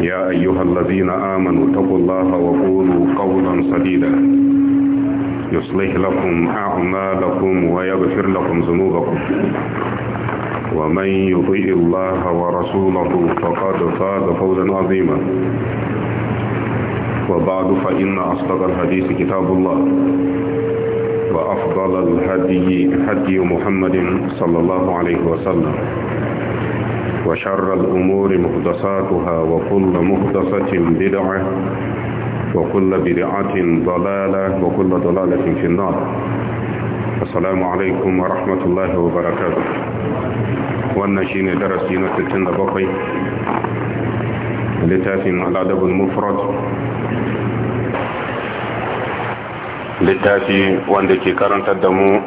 يا أيها الذين آمنوا اتقوا الله وقولوا قولا سديدا يصلح لكم أعمالكم ويغفر لكم ذنوبكم ومن يطيع الله ورسوله فقد فاز فوزا عظيما وبعد فإن أصدق الحديث كتاب الله وأفضل الهدي هدي محمد صلى الله عليه وسلم وشر الأمور مهدساتها وكل مهدسة بدعة وكل بدعة ضلالة وكل ضلالة في النار السلام عليكم ورحمة الله وبركاته والنشين درسين تتند بقي لتاف الأدب المفرد لتاتي واندكي كرنت الدمو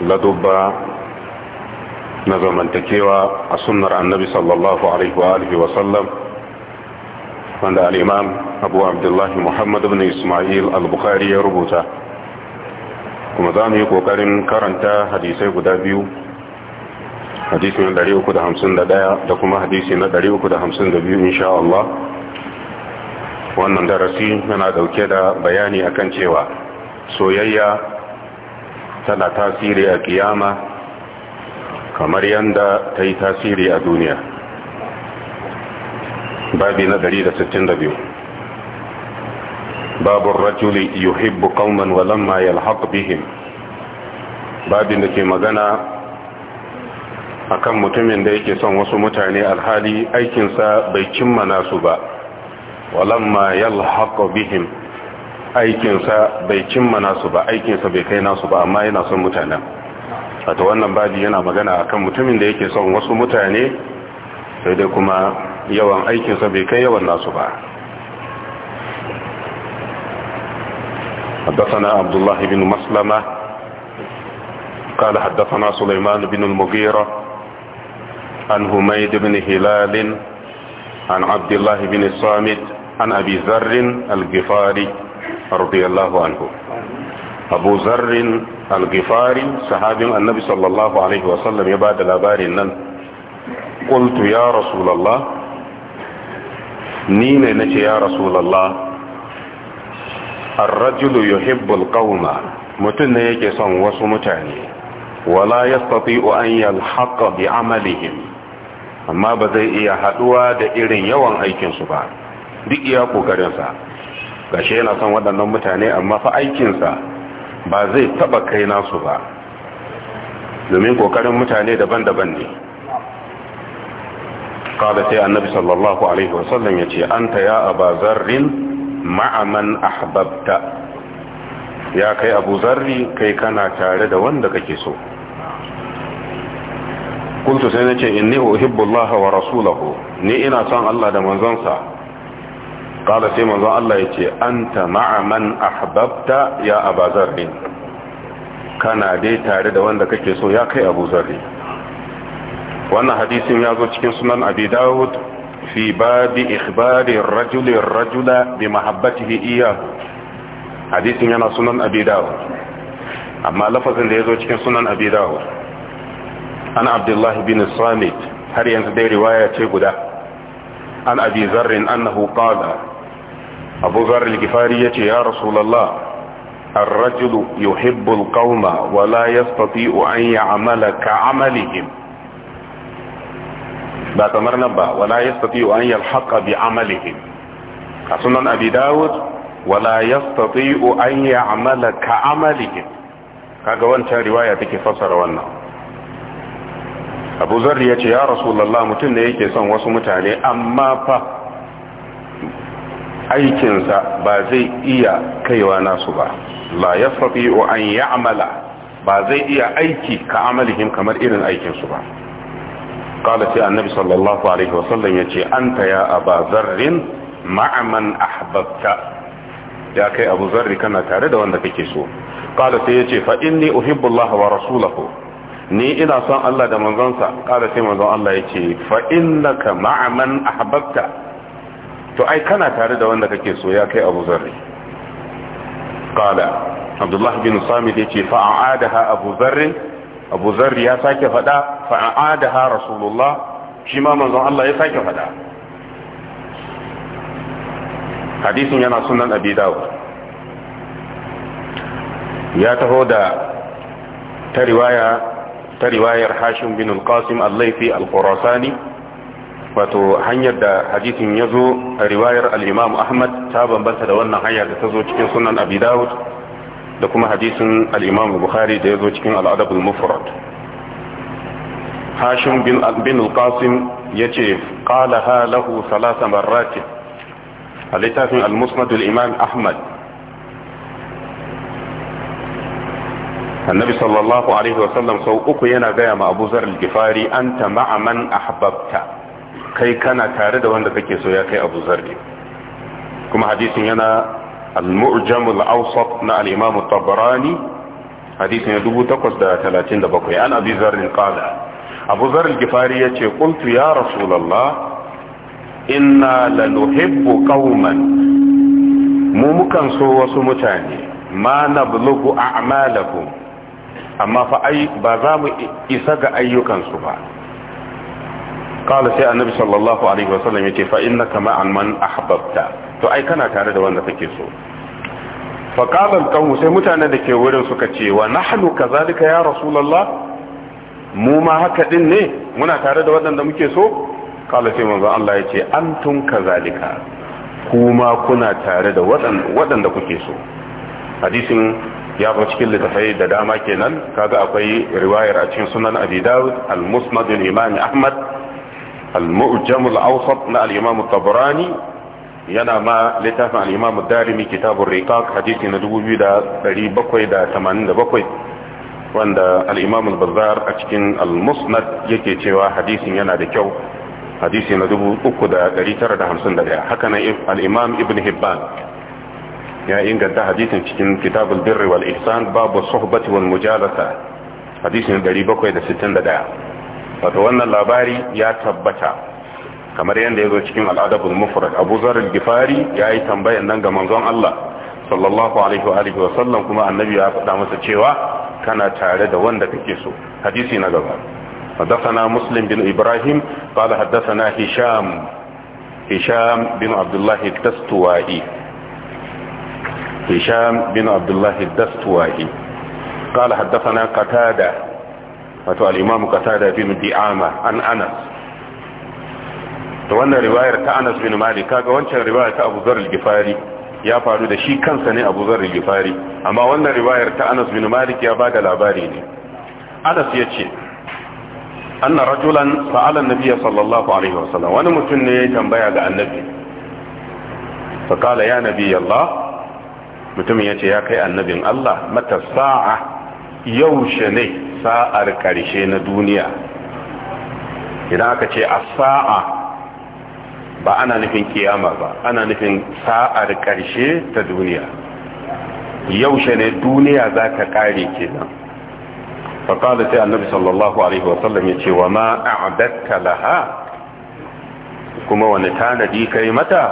لدبا na zamantakewa a sunnar annabi sallallahu alaihi wa sallam wanda al'imam abu abdullahi Muhammadu bin ismail al-bukhari ya rubuta kuma za mu yi kokarin karanta hadisai guda biyu hadisi na 351 da kuma hadisi na 352 insha Allah wannan darasi yana dauke da bayani akan cewa soyayya tana tasiri a kiyama kamar yadda ta yi tasiri a duniya babi na 162 babu rajuli yuhibbu qauman wa lamma yalhaq bihim babin da ke magana a kan mutumin da yake son wasu mutane alhali aikinsa bai cimma nasu ba walamma yalhaq bihim aikinsa bai cimma nasu ba aikinsa bai kai nasu ba amma yana son mutanen wato wannan babi yana magana akan mutumin da yake son wasu mutane sai dai kuma yawan aikinsa bai kai yawan nasu ba حدثنا عبد الله بن مسلمة قال حدثنا سليمان بن المغيرة عن هميد بن هلال عن عبد الله بن الصامت عن أبي ذر الغفاري رضي الله عنه أبو ذر Algifari sahabin annabi sallallahu alaihi wasallam ya da labarin nan qultu ya rasulallah. ni ne nace ya rasulullah arrajulu rajulu yuhibbu qauma mutum ne yake son wasu mutane wala yastati'u an yalhaqa bi amalihim amma ba zai iya haduwa da irin yawan aikinsu ba duk iya kokarinsa gashe yana son waɗannan mutane amma fa aikinsa ba zai taba kai nasu ba domin kokarin mutane daban-daban ne kada sai annabi sallallahu alaihi wasallam ya ce an ta ya aba ma'aman ahbabta ya kai abu zarri kai kana tare da wanda kake so kuntu sai na ce inni uhibbu wa rasulahu ni ina son Allah da manzonsa kala sai manzon Allah ya ce anta ma'a man ahbabta ya aba zarri kana dai tare da wanda kake so ya kai abu zarri wannan hadisin ya zo cikin sunan abi dawud fi babi ikhbari rajuli rajula bi mahabbatihi iya hadisin yana sunan abi dawud amma lafazin da ya zo cikin sunan abi dawud an abdullahi bin samit har yanzu dai riwaya ce guda an abi zarrin annahu qala abu zar al-gifari yace ya rasulullah ar-rajulu yuhibbu al-qauma wa la yastati'u an ya'mala ka'amalihim ba kamar nan ba wa la yastati'u an yalhaqa bi amalihim a sunan abi dawud wa la yastati'u an ya'mala ka'amalihim kaga wancan riwaya take fassara wannan abu zarri ya ce ya rasulallah mutum ne yake son wasu mutane amma fa aikinsa ba zai iya kaiwa nasu ba la ya sabi an ya amala ba zai iya aiki ka amalihim kamar irin aikinsu ba kala ce annabi sallallahu alaihi wasallam ya ce an ta ya aba zarrin ma'aman ahbabta ya kai abu zarri kana tare da wanda kake so kala sai ya ce fa uhibbullaha wa rasulahu ni ina son Allah da manzonsa kala sai manzon Allah ya ce fa innaka ma'aman ahbabta to ai kana tare da wanda kake so ya kai abu zarri qala abdullah bin samid yace fa a'adaha abu zarri abu zarri ya sake fada fa a'adaha rasulullah shi ma manzon Allah ya sake fada hadisin yana sunan abi dawud ya taho da ta riwayar hashim bin al-qasim al-laifi al-qurasani wato hanyar da hadisin ya zo a riwayar al'imam ahmad ta bambanta da wannan hanyar da ta zo cikin sunan abi dawud da kuma hadisin al'imam bukhari da ya zo cikin al'adabul mufrad hashim bin al-qasim ya ce ha lahu salasa marratin a littafin al-musnadul imam ahmad annabi sallallahu alaihi wasallam sau uku yana gaya ma abu zar al-gifari an ta ma'aman ahbabta kai kana tare da wanda kake so ya kai abu zarri kuma hadisin yana al-mu'jam al-awsat na al-imam at-tabarani hadisin ya 837 an abi zarrin qala abu zarrin gifari yace qultu ya rasulullah inna lanuhibbu qauman mu mukan so wasu mutane ma nablughu a'malakum amma fa ai ba za mu isa ga ayyukansu ba qala sai annabi sallallahu alaihi wasallam yace fa innaka ma'an man ahbabta to ai kana tare da wanda kake so fa qala alqawm sai mutane da ke wurin suka ce wa nahnu kazalika ya rasulullah mu ma haka din ne muna tare da wanda muke so qala sai manzo Allah yace antum kazalika kuma kuna tare da waɗanda kuke so hadisin ya zo cikin littafai da dama kenan kaga akwai riwayar a cikin sunan abi dawud al-musnad al-imam ahmad al-mu'jam al na al-imam yana ma littafin al-imam darimi kitabur riqaq hadisi na 2787 wanda al-imam al a cikin al-musnad yake cewa hadisin yana da kyau hadisi na 3951 haka nan al-imam ibn hibban ya inganta hadisin cikin kitabul birri wal ihsan babu suhbati wal mujalasa hadisin 761 wato wannan labari ya tabbata kamar yadda ya zo cikin al'adabul mufrad abu zarar gifari ya yi tambayan nan ga manzon Allah sallallahu alaihi wa alihi wa sallam kuma annabi ya faɗa masa cewa kana tare da wanda kake so hadisi na gaba حدثنا مسلم بن إبراهيم قال حدثنا هشام هشام بن عبد الله الدستوائي هشام بن عبد الله الدستوائي قال حدثنا قتادة wato al-imamu qatada bin di'ama an anas to wannan riwayar ta anas bin malik kaga wancan riwayar ta abu zarri gifari ya faru da shi kansa ne abu zarri gifari amma wannan riwayar ta anas bin malik ya bada labari ne anas ya ce anna rajulan sa'ala an-nabiy sallallahu alaihi wasallam wani mutum ne ya tambaya ga annabi fa ya Nabi allah mutumin ya ce ya kai annabin allah mata sa'a yaushe ne sa'ar ƙarshe na duniya idan aka ce a sa'a ba ana nufin kiyama ba ana nufin sa'ar ƙarshe ta duniya yaushe ne duniya za ta ƙare kenan faƙada sai annabi sallallahu alaihi wasallam ya ce wa ma a'adatta laha kuma wani tanadi kai mata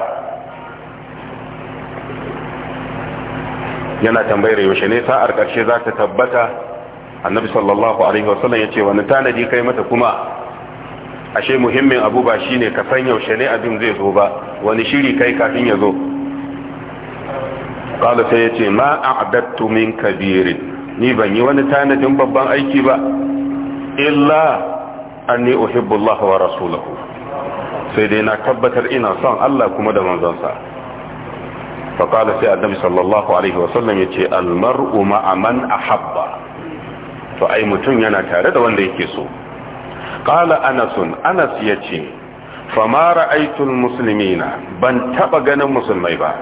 yana tambayar yaushe ne sa'ar ƙarshe za ta tabbata annabi sallallahu alaihi wasallam yace wani tanadi kai mata kuma ashe muhimmin abu ba shine ka san yaushe ne abin zai zo ba wani shiri kai kafin ya zo qala sai yace ma a'dattu min kabirin ni ban yi wani tanadin babban aiki ba illa anni uhibbu Allah wa rasulahu sai dai na tabbatar ina son Allah kuma da manzansa fa qala sai annabi sallallahu alaihi wasallam yace al mar'u ma'a man ahabba to ai mutum yana tare da wanda yake so qala anasun anas yace fama ra'aytul muslimina ban taba ganin musulmai ba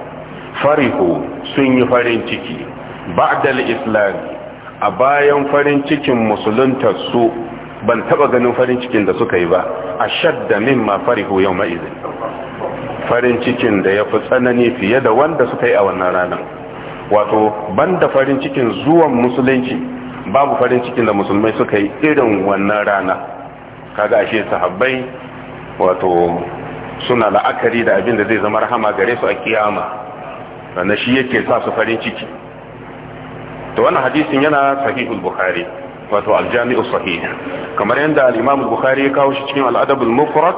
farihu sun yi farin ciki ba'dal islam a bayan farin cikin musulunta su ban taba ganin farin cikin da suka yi ba ashadda mimma farihu yawma idhin farin cikin da ya fi tsanani fiye da wanda suka yi a wannan ranar wato banda farin cikin zuwan musulunci babu farin cikin da musulmai suka yi irin wannan rana kaga ashe sahabbai wato suna la'akari da abin da zai zama rahama gare su a kiyama wanda shi yake sa su farin ciki to wannan hadisin yana sahihul bukhari wato aljami'u sahih kamar yadda al-imam al-bukhari ya kawo shi cikin al-adab al-mufrad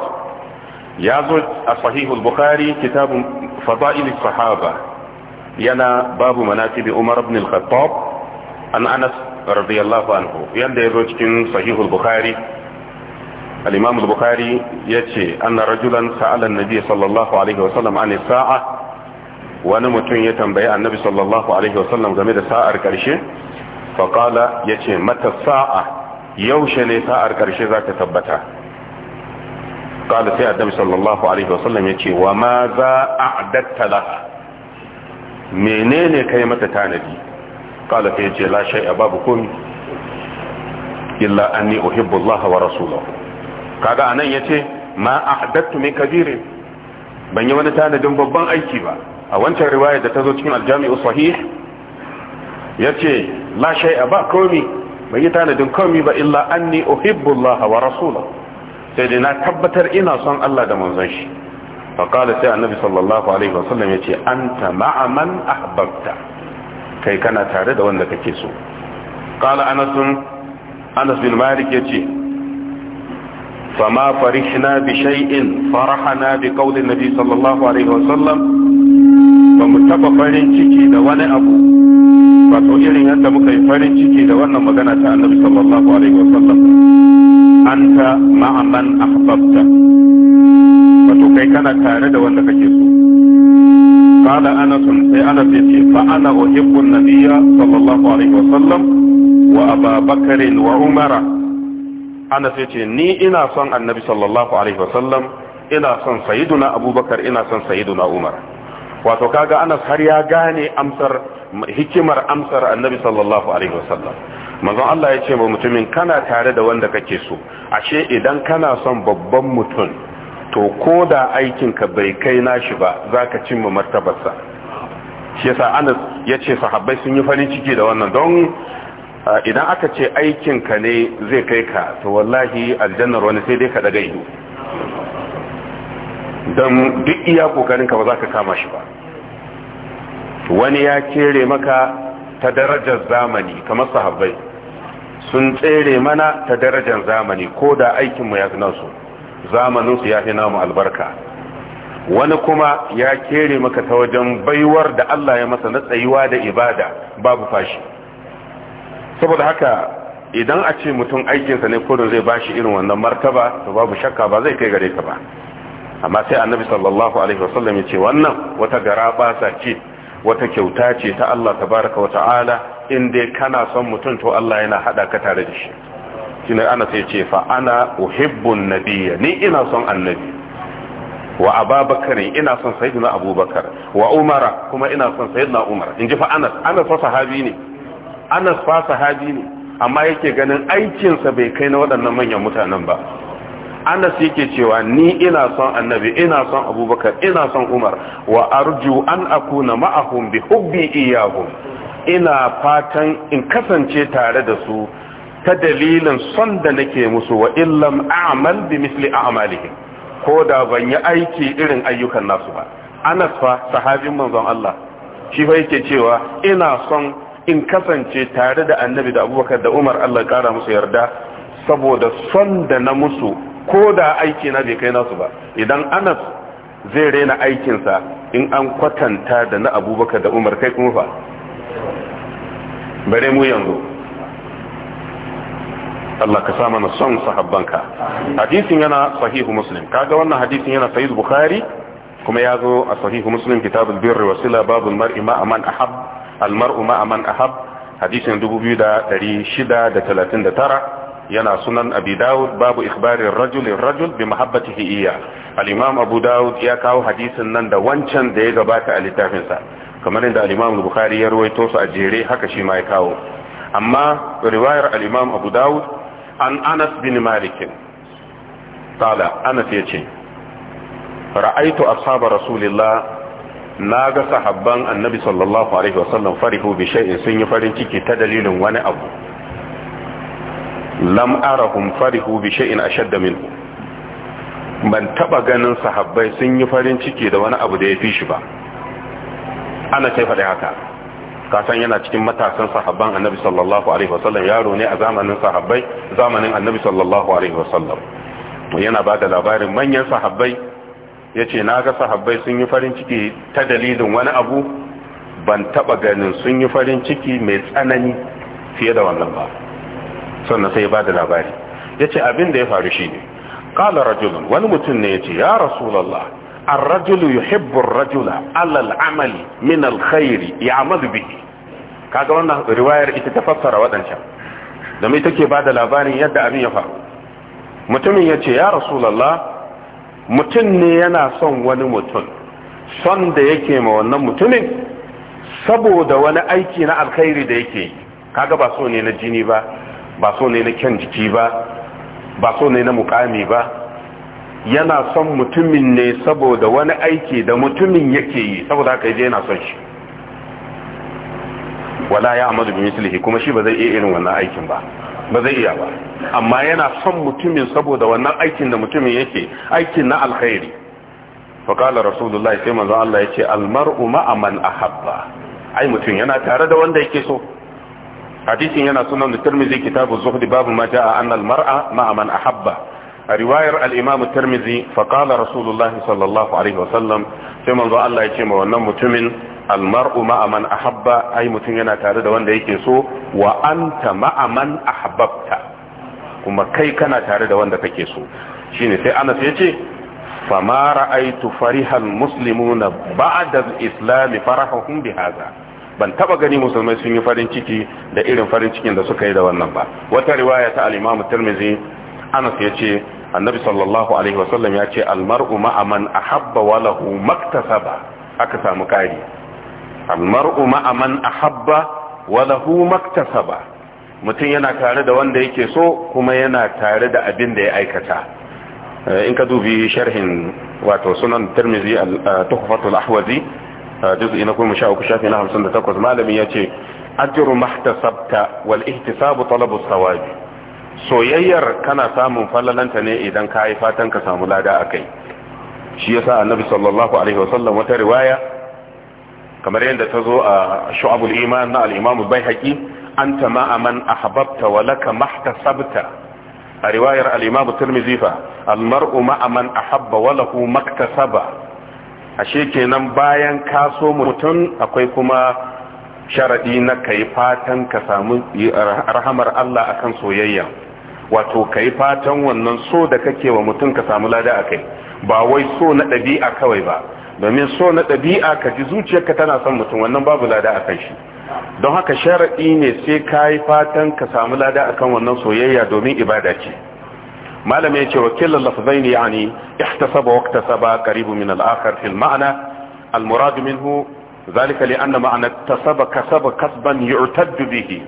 ya zo a sahihul bukhari kitabun fada'il sahaba yana babu manaqib umar ibn al-khattab an anas radiyallahu anhu yanda yazo cikin sahihul bukhari al-imam al-bukhari yace anna rajulan sa'ala an-nabi sallallahu alaihi wa sallam an sa'a wani mutum ya tambayi annabi sallallahu alaihi wa sallam game da sa'ar karshe fa qala yace mata sa'a yaushe ne sa'ar karshe za ta tabbata qala sai annabi sallallahu alaihi wa wasallam yace wa ma za a'datta laha menene kai mata tanadi kala ta yace la shay'a babu komi illa anni uhibbu Allah wa rasulahu kaga anan yace ma ahdattu min kabir ban yi wani tanadin babban aiki ba a wancan riwaya da ta zo cikin aljami'u sahih yace la shay'a ba komi ban yi tanadin komi ba illa anni uhibbu Allah wa rasulahu sai dai na tabbatar ina son Allah da manzon shi fa qala sai annabi sallallahu alaihi wasallam yace anta ma'a man ahbabta kai kana tare da wanda kake so qala anas anas bin malik yace fama farihna bi shay'in farahna bi qawli nabi sallallahu alaihi wasallam ba mu taba farin ciki da wani abu Ba wato irin yadda muka yi farin ciki da wannan magana ta annabi sallallahu alaihi wasallam anta ma'a man ahbabta wato kai kana tare da wanda kake so qala anas sai anas yace fa ana uhibbu nabiyya sallallahu alaihi wasallam wa aba bakr wa umara anas ni ina son annabi sallallahu alaihi wasallam ina son sayyiduna abubakar ina son sayyiduna umar wato kaga anas har ya gane amsar hikimar amsar annabi sallallahu alaihi wasallam manzon Allah ya ce wa mutumin kana tare da wanda kake so ashe idan kana son babban mutum to ko da aikinka bai kai nashi ba za ka cimma martabarsa shi yasa anas ya ce sahabbai sun yi farin ciki da wannan don idan aka ce aikinka ne zai kai ka to wallahi aljannar wani sai dai ka daga ido don duk iya kokarinka ba za ka kama shi ba wani ya kere maka ta darajar zamani kamar sahabbai sun tsere mana ta darajar zamani ko da aikinmu ya fi nasu zamaninsu ya fi namu albarka wani kuma ya kere maka ta wajen baiwar da Allah ya masa na tsayuwa da ibada babu fashi saboda haka idan a ce mutum aikinsa ne kodin zai ba shi irin wannan martaba to babu shakka ba zai kai gare ka ba amma sai annabi sallallahu alaihi wasallam ya ce wannan wata garaba ce wata kyauta ce ta Allah tabaraka ta'ala in dai kana son mutum to Allah yana hada ka tare da shi shine ana sai ce fa ana uhibbun nabiyya ni ina son annabi wa ababakar ina son sayyidina abubakar wa umara kuma ina son sayyidina umar inji fa anas anas fa sahabi ne anas fa sahabi ne amma yake ganin aikinsa bai kai na waɗannan manyan mutanen ba anas yake cewa ni ina son annabi ina son abubakar ina son umar wa arju an akuna ma'ahum bi hubbi iyahum ina fatan in kasance tare da su ta dalilin son da nake musu wa illam a'mal bi misli a'malihim ko da ban yi aiki irin ayyukan nasu ba anas fa sahabin manzon Allah shi fa yake cewa ina son in kasance tare da annabi da abubakar da umar Allah kara musu yarda saboda son da na musu ko da aiki na bai kai nasu ba idan anas zai rena aikinsa in an kwatanta da na abubakar da umar kai kuma fa bare mu yanzu Allah ka sa mana son sahabbanka hadisin yana sahihu muslim kaga wannan hadisin yana sahih bukhari kuma ya zo a sahihu muslim kitabul birri wa sila babul mar'i ma man ahab al mar'u ma man ahab hadisin 2639 yana sunan abi dawud babu ikhbarin rajul rajul bi mahabbatihi iya al-imam abu dawud ya kawo hadisin nan da wancan da ya gabata a littafin sa kamar inda al-imam bukhari ya rawaito su a jere haka shi ma ya kawo amma riwayar al-imam abu dawud an anas bin malikin kala anas ya ce ra'aitu ashaba rasulillah na ga sahabban annabi sallallahu alaihi wasallam farihu bi shay'in sun yi farin ciki ta dalilin wani abu lam arahum farihu bi shay'in ashadda minhu ban taba ganin sahabbai sun yi farin ciki da wani abu da ya fi shi ba ana sai faɗi haka kasan yana cikin matasan sahabban annabi sallallahu alaihi wasallam yaro ne a zamanin sahabbai zamanin annabi sallallahu alaihi wasallam yana bada labarin manyan sahabbai ya ce na ga sahabbai sun yi farin ciki ta dalilin wani abu ban taba ganin sun yi farin ciki mai tsanani fiye da wannan ba sannan sai ya bada labari ya ce abin da ya faru shi ne ƙala rajulun wani mutum ne ya ce ya rasulallah ar-rajulu yuhibbu ar-rajula ala al-amal min kaga wannan riwayar ita ta fassara wadancan da mai take labarin yadda abin ya faru mutumin yace ya rasulallah mutum ne yana son wani mutum son da yake ma wannan mutumin saboda wani aiki na alkhairi da yake yi kaga ba so ne na jini ba ba so ne na kyan jiki ba ba so ne na mukami ba yana son mutumin ne saboda wani aiki da mutumin yake yi saboda haka je yana son shi wala ya amadu bi mislihi kuma shi ba zai iya irin wannan aikin ba ba zai iya ba amma yana son mutumin saboda wannan aikin da mutumin yake aikin na alkhairi fa qala rasulullahi sai manzo Allah yace mar'u ma'a man ahabba ai mutum yana tare da wanda yake so hadisin yana sunan da Tirmidhi kitabu zuhdi babu ma ja'a anna mar'a ma'a man ahabba a riwayar al-imam tirmidhi fa rasulullah sallallahu alaihi wasallam sai manzo Allah ya ce ma wannan mutumin almar'u ma'a man ahabba ai mutum yana tare da wanda yake so wa anta ma'a man kuma kai kana tare da wanda kake so shine sai Anas yace fama ra'aitu farihal muslimuna ba'da al-islam farahum bi hadha ban taba gani musulmai sun yi farin ciki da irin farin cikin da suka yi da wannan ba wata riwaya ta al-Imam Tirmidhi Anas yace annabi sallallahu alaihi wasallam ya ce almar'u ma'a man ahabba wa lahu maktasaba aka samu kari almar'u ma'a man ahabba wa lahu maktasaba mutum yana tare da wanda yake so kuma yana tare da abin da ya aikata eh, in ka dubi sharhin wato sunan tirmizi al-tuhfatul eh, ahwazi eh, juz'i na 13 shafi na 58 malamin yace ajru mahtasabta wal ihtisabu talabu sawabi soyayyar kana samun falalanta ne idan ka yi fatan ka samu lada a kai shi yasa annabi sallallahu alaihi wasallam wata riwaya kamar yadda ta zo a shu'abul iman na al-imam al-baihaqi anta ma man ahbabta wa laka mahtasabta a riwayar al-imam tirmidhi fa al-mar'u ma man ahabba wa lahu maktasaba ashe kenan bayan ka so mutum akwai kuma sharadi na kai fatan ka samu rahamar Allah akan soyayya wato ka yi fatan wannan so da kake wa mutum ka samu lada a kai ba wai so na ɗabi'a kawai ba domin so na ɗabi'a ka ji zuciyarka tana son mutum wannan babu lada a kan shi don haka sharaɗi ne sai ka yi fatan ka samu lada a kan wannan soyayya domin ibada ce malam ya ce wakilin lafazai ne yani ihtasaba waqtasaba qaribu min al-akhar fil ma'ana al-murad minhu zalika li anna ma'ana tasaba kasaba kasban yu'taddu bihi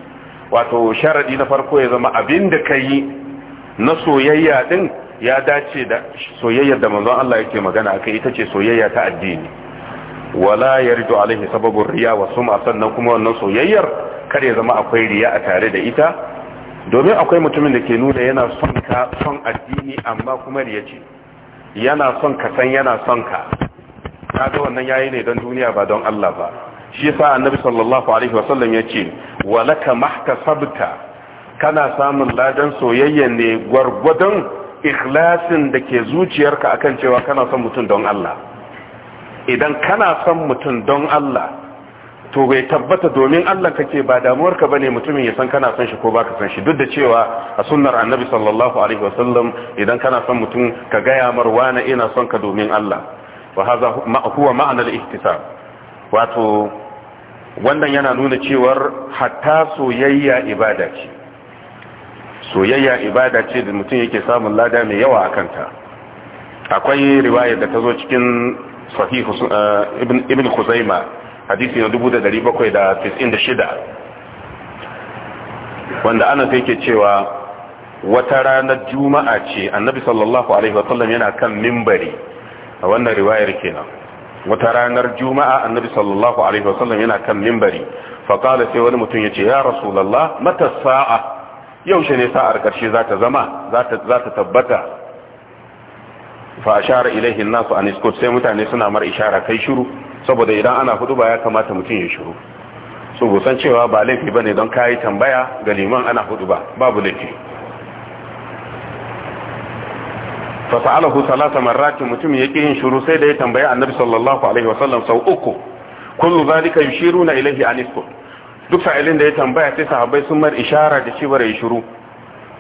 wato sharadi na farko ya zama abin da ka yi na soyayya din ya dace da soyayyar da manzon Allah yake magana akai ita ce soyayya ta addini wala yarju alaihi sababur riya wa sum'a sannan kuma wannan soyayyar kar ya zama akwai riya a tare da ita domin akwai mutumin da ke nuna yana son ka son addini amma kuma riya ce yana son ka san yana son ka kaga wannan yayi ne don duniya ba don Allah ba shi yasa annabi sallallahu alaihi wasallam yace walaka mahtasabta kana samun ladan soyayya ne gwargwadon ikhlasin da ke zuciyarka akan cewa kana son mutum don Allah idan kana son mutum don Allah to bai tabbata domin Allah kake ba damuwarka bane mutumin ya san kana son shi ko baka san shi duk da cewa a sunnar annabi sallallahu alaihi wasallam idan kana son mutum ka gaya marwana ina son ka domin Allah wa hadha huwa ma'anar ihtisab wato wannan yana nuna cewar hatta soyayya ibada ce soyayya ibada ce da mutum yake samun lada mai yawa a kanta akwai riwayar da ta zo cikin eh, ibn khuzaima hadisi na 1796 wanda ana sai cewa wata ranar juma'a ce annabi sallallahu alaihi wasallam yana kan mimbari a wannan riwayar kenan wata ranar juma'a annabi sallallahu alaihi wasallam yana kan mimbari faqala sai wani mutum yace ya rasulullah mata sa'a yaushe ne sa'ar karshe za ta zama za ta tabbata fa ashara ilaihi an-nasu an iskut sai mutane suna mar ishara kai shiru saboda idan ana huɗu ba ya kamata mutum ya shiru so san cewa ba laifi bane don kai tambaya ga liman ana huɗu ba babu laifi fa fa'alahu salasa marratin mutum yake yin shiru sai da ya tambayi annabi sallallahu alaihi wasallam sau uku kullu zalika yushiruna ilayhi anisku duk sa'ilin da ya tambaya sai sahabbai sun mar ishara da cewa ya shiru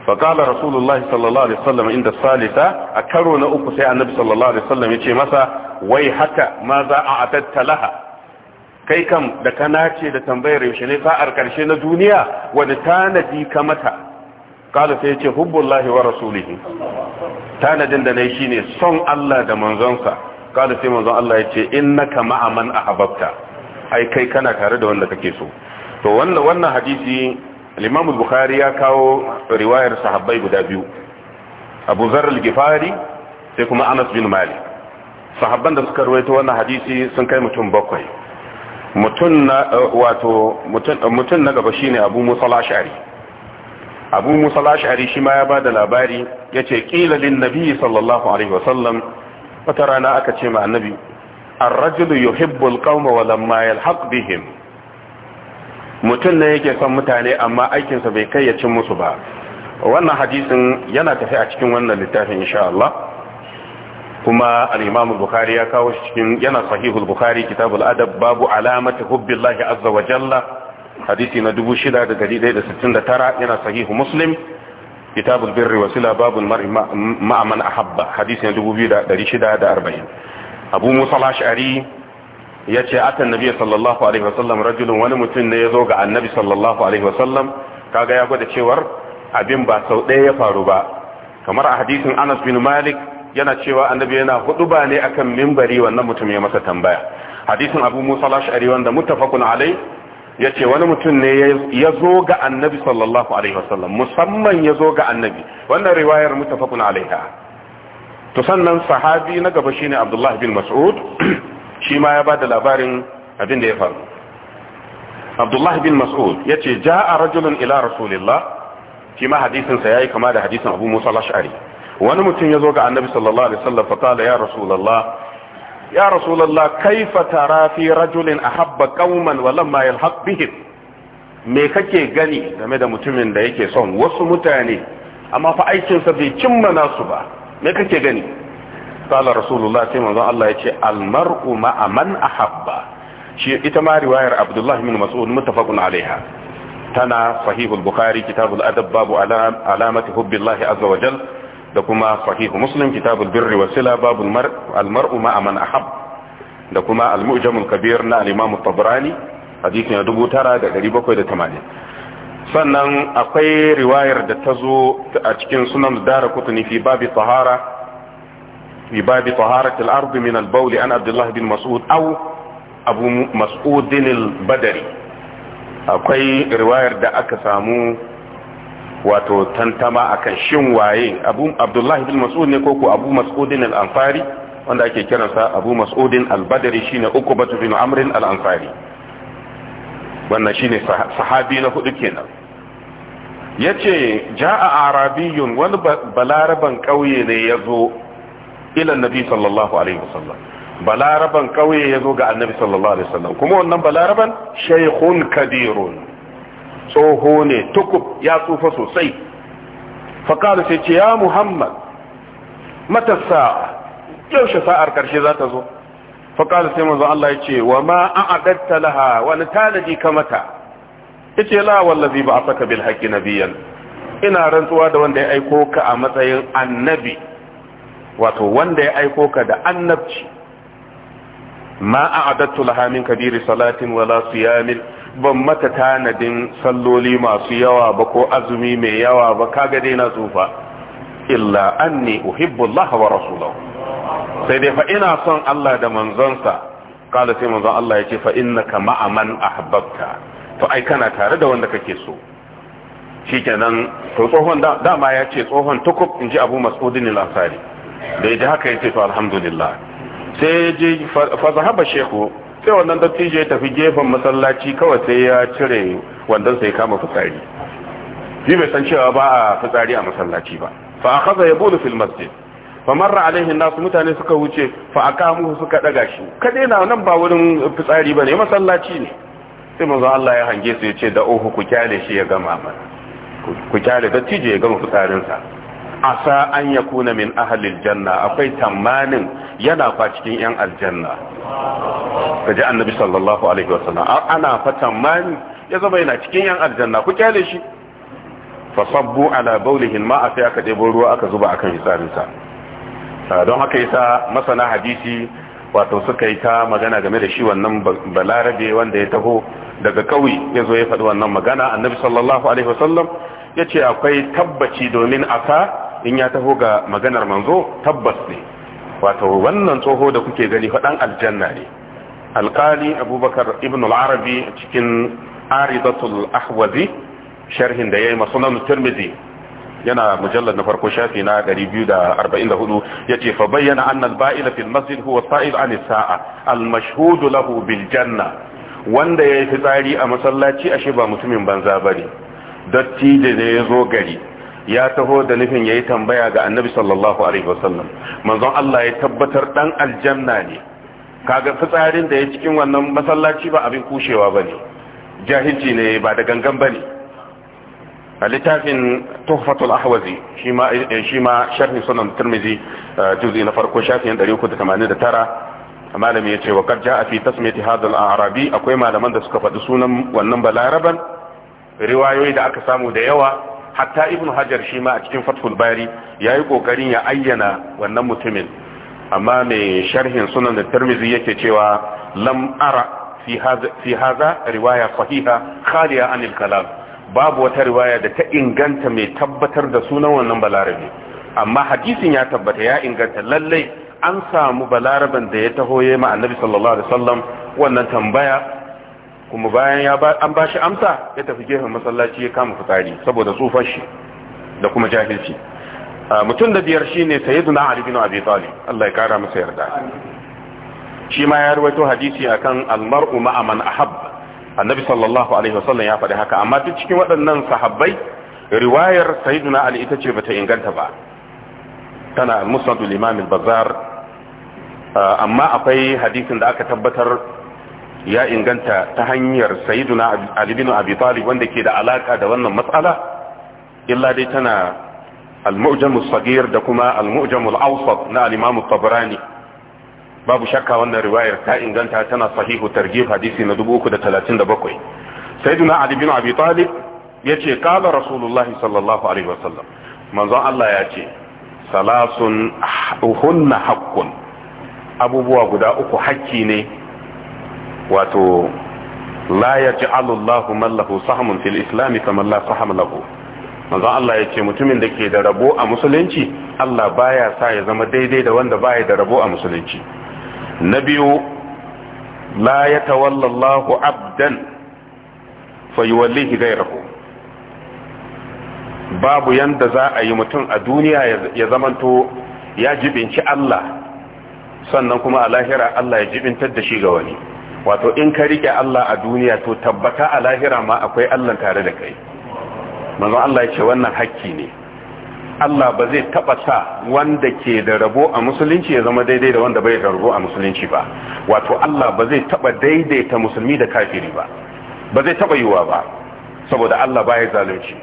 fa qala rasulullahi sallallahu alaihi wasallam inda salisa a karo na uku sai annabi sallallahu alaihi wasallam ya ce masa wai haka ma za a atatta laha kai kam da kana ce da tambayar yaushe ne sa'ar karshe na duniya wani tanadi ka mata kala sai ya ce hubbullahi wa tanadin da na yi shine son Allah da manzonsa kada sai manzon Allah ya ce innaka ma'a man ahbabta ai kai kana tare da wanda kake so to wannan hadisi al bukhari ya kawo riwayar sahabbai guda biyu Abu Dharr al sai kuma Anas bin Mali. sahabban da suka rawaito wannan hadisi sun kai mutum bakwai mutum na wato mutum na gaba shine Abu Musa al abu musa lashari shi ma ya ba da labari ya ce ƙilalin nabi sallallahu alaihi wasallam wata rana aka ce ma annabi arrajulu hibbul kauma wa lamma haƙ bihim mutum ne yake son mutane amma aikinsa bai kai ya cin musu ba wannan hadisin yana tafi a cikin wannan littafin insha Allah kuma al-Imam bukhari ya kawo shi cikin yana sahihul bukhari kitabul adab babu alamati hubbillahi azza wa jalla hadisi na 6169 yana sahihu muslim kitab albirri wa sila babul mar'i ma'a man ahabba hadisi na 2640 abu musa al-ash'ari yace atan nabi sallallahu alaihi wasallam rajulun wani mutum ne zo ga annabi sallallahu alaihi wasallam kaga ya gwada cewar abin ba sau ɗaya ya faru ba kamar a hadisin Anas bin Malik yana cewa annabi yana hudu ba ne akan mimbari wannan mutum ya masa tambaya hadisin Abu Musa al-Ash'ari wanda alai ya ce wani mutum ne ya zo ga annabi sallallahu alaihi wasallam musamman ya zo ga annabi wannan riwayar mutafakun alaiha to sannan sahabi na gaba shine abdullahi bin mas'ud shi ma ya ba da labarin abin da ya faru abdullahi bin mas'ud ya ce ja a rajulun ila rasulillah shi ma hadisinsa ya yi kama da hadisin abu musa lash'ari wani mutum ya zo ga annabi sallallahu alaihi wasallam fa qala ya rasulullah ya rasulullah kaifa tara fi rajulin ahabba qauman wa lamma yalhaq bihim me kake gani game da mutumin da yake son wasu mutane amma fa aikinsa bai cimma nasu ba me kake gani qala rasulullah sai manzon Allah yace al mar'u ma'a man ahabba shi ita ma riwayar abdullah ibn mas'ud muttafaqun alaiha tana sahihul bukhari kitabul adab babu alamati hubbillahi azza wa jalla da kuma sahihu muslim kitabul birri wa sila babul almar'u ma man ahab da kuma al-mu'jamul kabir na al-imam at-tabrani bakwai da tamanin. sannan akwai riwayar da ta zo a cikin sunan kutuni fi babi tahara fi babi taharatil ardi min al an abdullah bin mas'ud aw abu mas'ud al-badri akwai riwayar da aka samu wato tantama akan shin waye abu abdullahi bin mas'ud ne ko ko abu mas'udin al-ansari wanda ake kiransa abu mas'udin al-badri shine uku batu bin amr al-ansari wannan shine sahabi na hudu kenan yace jaa arabiyyun wal balaraban kauye ne yazo ila annabi sallallahu alaihi wasallam balaraban kauye yazo ga annabi sallallahu alaihi wasallam kuma wannan balaraban shaykhun kadirun tsoho ne tukub ya tsufa sosai faƙalu sai ce ya muhammad matasa yaushe sa'ar ƙarshe za ta zo faƙalu sai manzo Allah ya ce wa ma an agatta laha wani tanadi ka mata ya ce la wallazi ba a saka bil haƙƙi biyan. ina rantsuwa da wanda ya aiko ka a matsayin annabi wato wanda ya aiko ka da annabci ma a adattu laha min kabiri salatin wala siyamin ban mata tanadin salloli masu yawa ba ko azumi mai yawa ba kaga dai na tsufa illa anni uhibbullah Allah wa rasulahu sai dai fa ina son Allah da manzonsa kala sai manzon Allah ya ce fa innaka ma'a man ahbabta to ai kana tare da wanda kake so shikenan to tsohon dama ya ce tsohon tukub inji Abu Mas'ud al-Ansari da haka ya ce to alhamdulillah sai je fa zahaba shehu sai wannan dattijo ya tafi gefen masallaci kawai sai ya cire wandon sai kama fitsari shi bai san cewa ba a fitsari a masallaci ba fa ya yabulu fil masjid fa marra alaihi nasu mutane suka wuce fa akamu suka daga shi ka daina nan ba wurin fitsari bane masallaci ne sai manzo Allah ya hange su ya ce da ohu ku kyale shi ya gama ku kyale dattijo ya gama fitsarin sa. asa an ya kuna min ahalin janna akwai tamanin yana fa cikin yan aljanna ka annabi sallallahu alaihi wasallam ana fa tamanin ya zama yana cikin yan aljanna ku kyale shi fa sabbu ala bawlihin ma sai aka debo ruwa aka zuba akan hitsarinsa don haka yasa masana hadisi wato suka yi ta magana game da shi wannan balarabe wanda ya taho daga kauye ya zo ya faɗi wannan magana annabi sallallahu alaihi wasallam ya ce akwai tabbaci domin aka in ya taho ga maganar manzo tabbas ne wato wannan tsoho da kuke gani faɗan aljanna ne alƙali abubakar ibn al-arabi cikin aridatul ahwazi sharhin da ya yi masunan turmizi yana mujallar na farko shafi na 244 yace fa bayyana anna al-ba'il fi al-masjid huwa sa'il an as-sa'a al-mashhud lahu bil janna wanda yayi fitsari a masallaci ashe ba mutumin banza bane datti da ya zo gari ya taho da nufin ya yi tambaya ga annabi sallallahu alaihi wasallam manzon Allah ya tabbatar dan aljanna ne kaga fitsarin da ya cikin wannan masallaci ba abin kushewa bane jahilci ne ba da gangan bane a littafin tuhfatul ahwazi shi ma shi ma sharhi sunan tirmidhi uh, juz'i na farko shafin 389 malami ya ce wa karja a fi tasmiti hadal arabi akwai malaman da suka faɗi sunan wannan balaraban riwayoyi da aka samu da yawa hatta ibn hajar shi ma a cikin fathul bari ya yi ƙoƙarin ya ayyana wannan mutumin amma mai sharhin sunan da tirmizi yake cewa lam ara fi haza riwaya sahiha khaliya anil kalam babu wata riwaya da ta inganta mai tabbatar da sunan wannan balarabe amma hadisin ya tabbata ya inganta lallai an samu balaraben da ya taho ya ma annabi sallallahu alaihi wasallam wannan tambaya kuma bayan ya an bashi amsa ya tafi gefen masallaci ya kama fitari saboda tsufar shi da kuma jahilci mutum da biyar shine sayyiduna ali bin abi Allah ya kara masa yarda shi ma ya rawaito hadisi akan almar'u ma'a man ahabba annabi sallallahu alaihi wasallam ya faɗi haka amma duk cikin waɗannan sahabbai riwayar sayyiduna ali ita ce bata inganta ba tana al imam al-bazzar amma akwai hadisin da aka tabbatar ya inganta ta hanyar sayyiduna Ali bin Abi Talib wanda ke da alaka da wannan matsala illa dai tana al-mu'jam as da kuma al-mu'jam al-awsat na al-Imam babu shakka wannan riwayar ta inganta tana sahihu tarjih hadisi na 337 sayyiduna Ali bin Abi Talib yace qala Rasulullah sallallahu alaihi wasallam manzon Allah ya ce salasun hunna haqqun abubuwa guda uku hakki ne wato la yaj'alu Allahu sahmun fil islami kama la sahma lahu manzo Allah ya ce mutumin da ke da rabo a musulunci Allah baya sa ya zama daidai da wanda baya da rabo a musulunci na biyu la yatawalla Allahu abdan fayuwallihi gairahu babu yanda za a yi mutum a duniya ya zamanto ya jibinci Allah sannan kuma a lahira Allah ya jibintar da shi ga wani wato in ka rike Allah a duniya to tabbata a lahira ma akwai Allah tare da kai manzo Allah ya ce wannan hakki ne Allah ba zai taba sa wanda ke da rabo a musulunci ya zama daidai da wanda bai da rabo a musulunci ba wato Allah ba zai taba daidaita musulmi da kafiri ba ba zai taba yiwa ba saboda Allah baya zalunci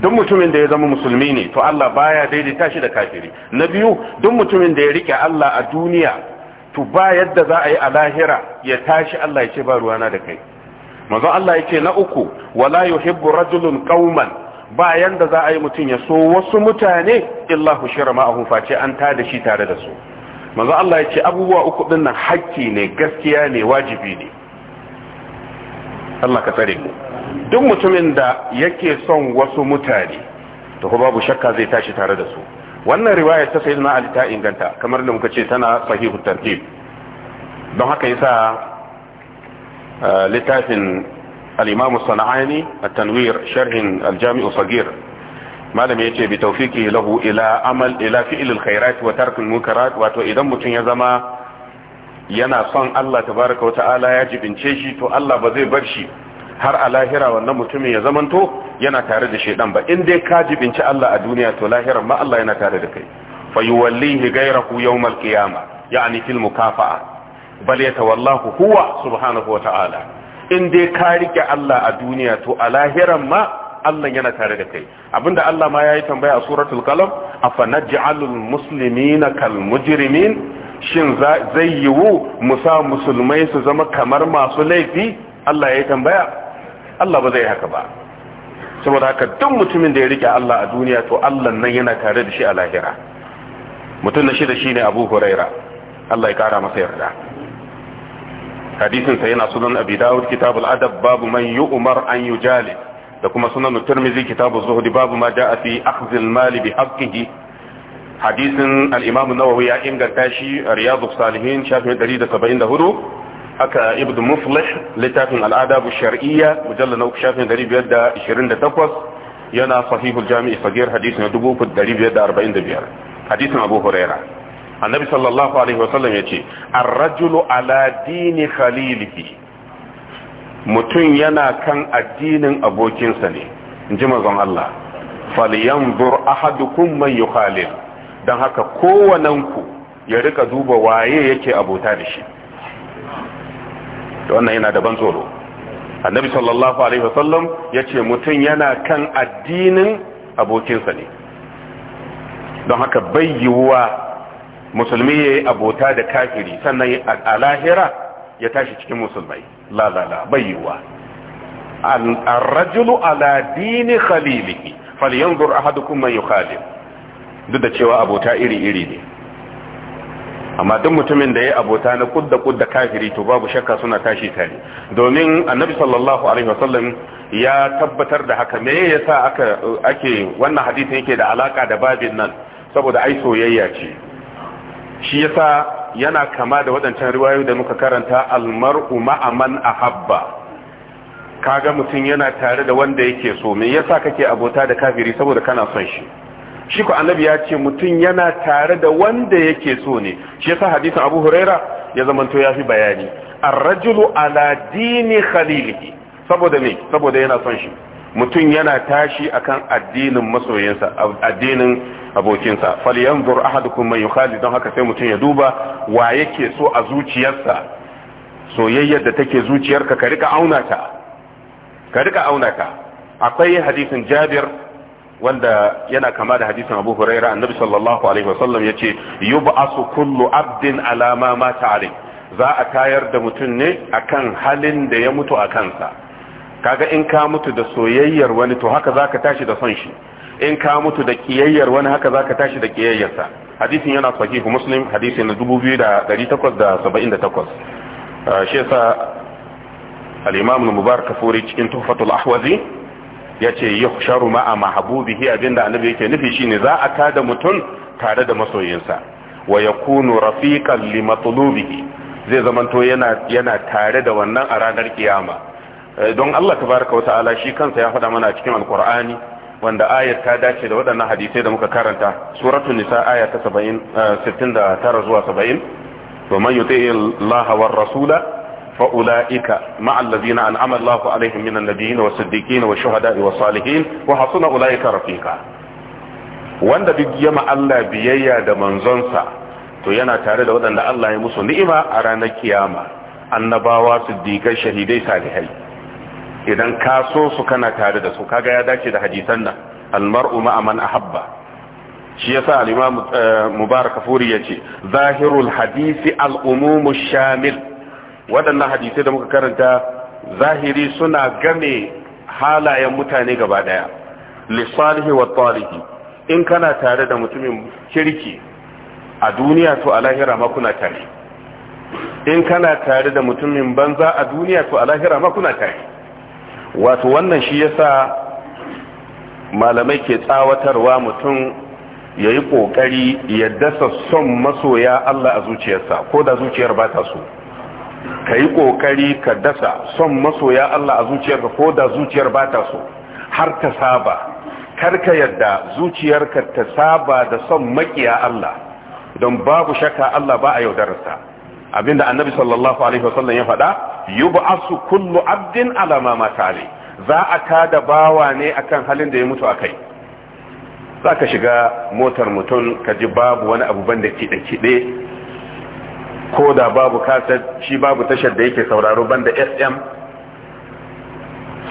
duk mutumin da ya zama musulmi ne to Allah baya daidaita shi da kafiri na biyu duk mutumin da ya rike Allah a duniya to ba yadda za a yi a lahira ya tashi Allah ya ce ba ruwana da kai manzon Allah ya ce na uku wala yuhibbu rajulun qauman ba yanda za a yi mutum ya so wasu mutane illa hushira ma'ahum face an ta da shi tare da su manzon Allah ya ce abubuwa uku din nan hakki ne gaskiya ne wajibi ne Allah ka tsare mu duk mutumin da yake son wasu mutane to babu shakka zai tashi tare da su wannan riwaya ta sayyidina ali ta inganta kamar da muka ce tana sahihu tartib don haka yasa eh, littafin al-imam sana'ani at-tanwir sharhin al-jami' as-saghir malami yace bi tawfiqi lahu ila amal ila fi'l al-khairat wa tark al-munkarat wato idan mutun ya zama yana son Allah tabaaraka wa ta'ala ya jibince shi to Allah ba zai bar shi har a lahira wannan mutumin ya zamanto yana tare da shaidan ba in dai ka jibinci Allah a duniya to lahiran ma Allah yana tare da kai fa yuwallihi ghayrahu yawm qiyama ya'ni fil mukafa'a bal yatawallahu huwa subhanahu wata'ala in dai ka rike Allah a duniya to a lahiran ma Allah yana tare da kai abinda Allah ma yayi tambaya a suratul qalam afanaj'alul muslimina kal mujrimin shin zai yiwu musa musulmai su zama kamar masu laifi Allah ya yi tambaya Allah ba zai haka ba saboda haka duk mutumin da ya rike Allah a duniya to Allah nan yana tare da shi a lahira mutum na shida shine Abu Huraira Allah ya kara masa yarda hadisin sa yana sunan Abi Dawud kitabul adab babu man yu'mar an yujali da kuma sunan Tirmidhi kitabuz zuhd babu ma ja'a fi akhdh al-mal bi haqqihi hadisin al-Imam an-Nawawi ya inganta shi Riyadus Salihin shafin 174 haka ibn muflih littafin al'adabu shar'iyya mujalla na uku shafin 528 yana sahihul jami'i sagir hadisi na 3545 hadisin abu huraira annabi sallallahu alaihi wasallam ya ce ar-rajulu ala dini khalilihi mutum yana kan addinin abokinsa ne in ji mazan Allah falyanzur ahadukum man yukhalil dan haka kowananku ya rika duba waye yake abota da shi da wannan yana da ban tsoro annabi sallallahu alaihi wasallam ya ce mutum yana kan addinin abokinsa ne don haka bai yiwuwa musulmi ya yi abota da kafiri sannan a lahira ya tashi cikin musulmai la la la bai yiwuwa الرجل على دين خليله فلينظر احدكم duk da cewa abota iri-iri ne amma duk mutumin da ya abota na kudda kudda kafiri to babu shakka suna tashi tare domin annabi sallallahu alaihi wasallam ya tabbatar da haka me yasa aka ake wannan hadisin yake da alaka da babin nan saboda ai soyayya ce shi yasa yana kama da waɗancan riwayoyi da muka karanta almar'u ma'a man ahabba kaga mutum yana tare da wanda yake so me yasa kake abota da kafiri saboda kana son shi shi ko annabi ya ce mutum yana tare da wanda yake so ne shi yasa hadisin abu huraira ya zamanto ya fi bayani ar-rajulu ala dini khalilihi saboda me saboda yana son shi mutum yana tashi akan addinin masoyinsa addinin abokinsa falyanzur ahadukum man yukhali don haka sai mutum ya duba wa yake so a zuciyarsa soyayyar da take zuciyarka ka rika auna ta ka rika auna ta akwai hadisin Jabir wanda yana kama da hadisin Abu Huraira annabi sallallahu alaihi wasallam yace yub'asu kullu abdin ala ma mata alai za a tayar da mutum ne akan halin da ya mutu a kansa kaga in ka mutu da soyayyar wani to haka zaka tashi da son shi in ka mutu da kiyayyar wani haka zaka tashi da kiyayyarsa hadisin yana sahihu muslim hadisi na 2878 uh, shi yasa al-imam al-mubarak cikin tuhfatul ahwazi ya ce yace yuhsharu ma'a mahbubihi abinda annabi yake nufi shine za a tada mutum tare da masoyinsa wa yakunu rafiqan li matlubihi zai zamanto yana yana tare da wannan a ranar kiyama eh, don Allah tabaraka wa ta'ala shi kansa ya faɗa mana cikin alqur'ani wanda ayar ta dace da waɗannan hadisai da muka karanta suratul nisa aya ta 70 69 eh, zuwa 70 wa man yuti'i Allah war rasula فأولئك مع الذين أنعم الله عليهم من النبيين والصديقين والشهداء والصالحين وحسن أولئك رفيقا wanda duk yama Allah biyayya da manzonsa to yana tare da waɗanda Allah ya musu ni'ima a ranar kiyama annabawa siddiqai shahidai salihai idan ka so su kana tare da su kaga ya dace da hadisan nan almar'u ma'a man ahabba shi yasa al-imam mubarak furi yace zahirul hadisi al-umumu shamil waɗannan hadisai da muka karanta zahiri suna game halayen mutane gaba daya lissalihi wa talihi in kana tare da mutumin kirki a duniya to alahira ma kuna tare in kana tare da mutumin banza a duniya to alahira ma kuna tare wato wannan shi yasa malamai ke tsawatarwa mutum ya yi ƙoƙari ya dasa son masoya Allah a zuciyarsa ko da zuciyar ba ta so ka yi ƙoƙari ka dasa son masoya Allah a zuciyarka ko da zuciyar ba ta so har ta saba karka yadda zuciyarka ta saba da son makiya Allah don babu shaka Allah ba a yaudararsa abinda annabi sallallahu alaihi wasallam ya faɗa yub'asu kullu abdin alamama tare za a kada bawa ne akan halin da ya mutu kai za ka shiga motar mutum ka ji babu wani abu banda kiɗe-kiɗe ko da babu kaset shi babu tashar da yake sauraro banda fm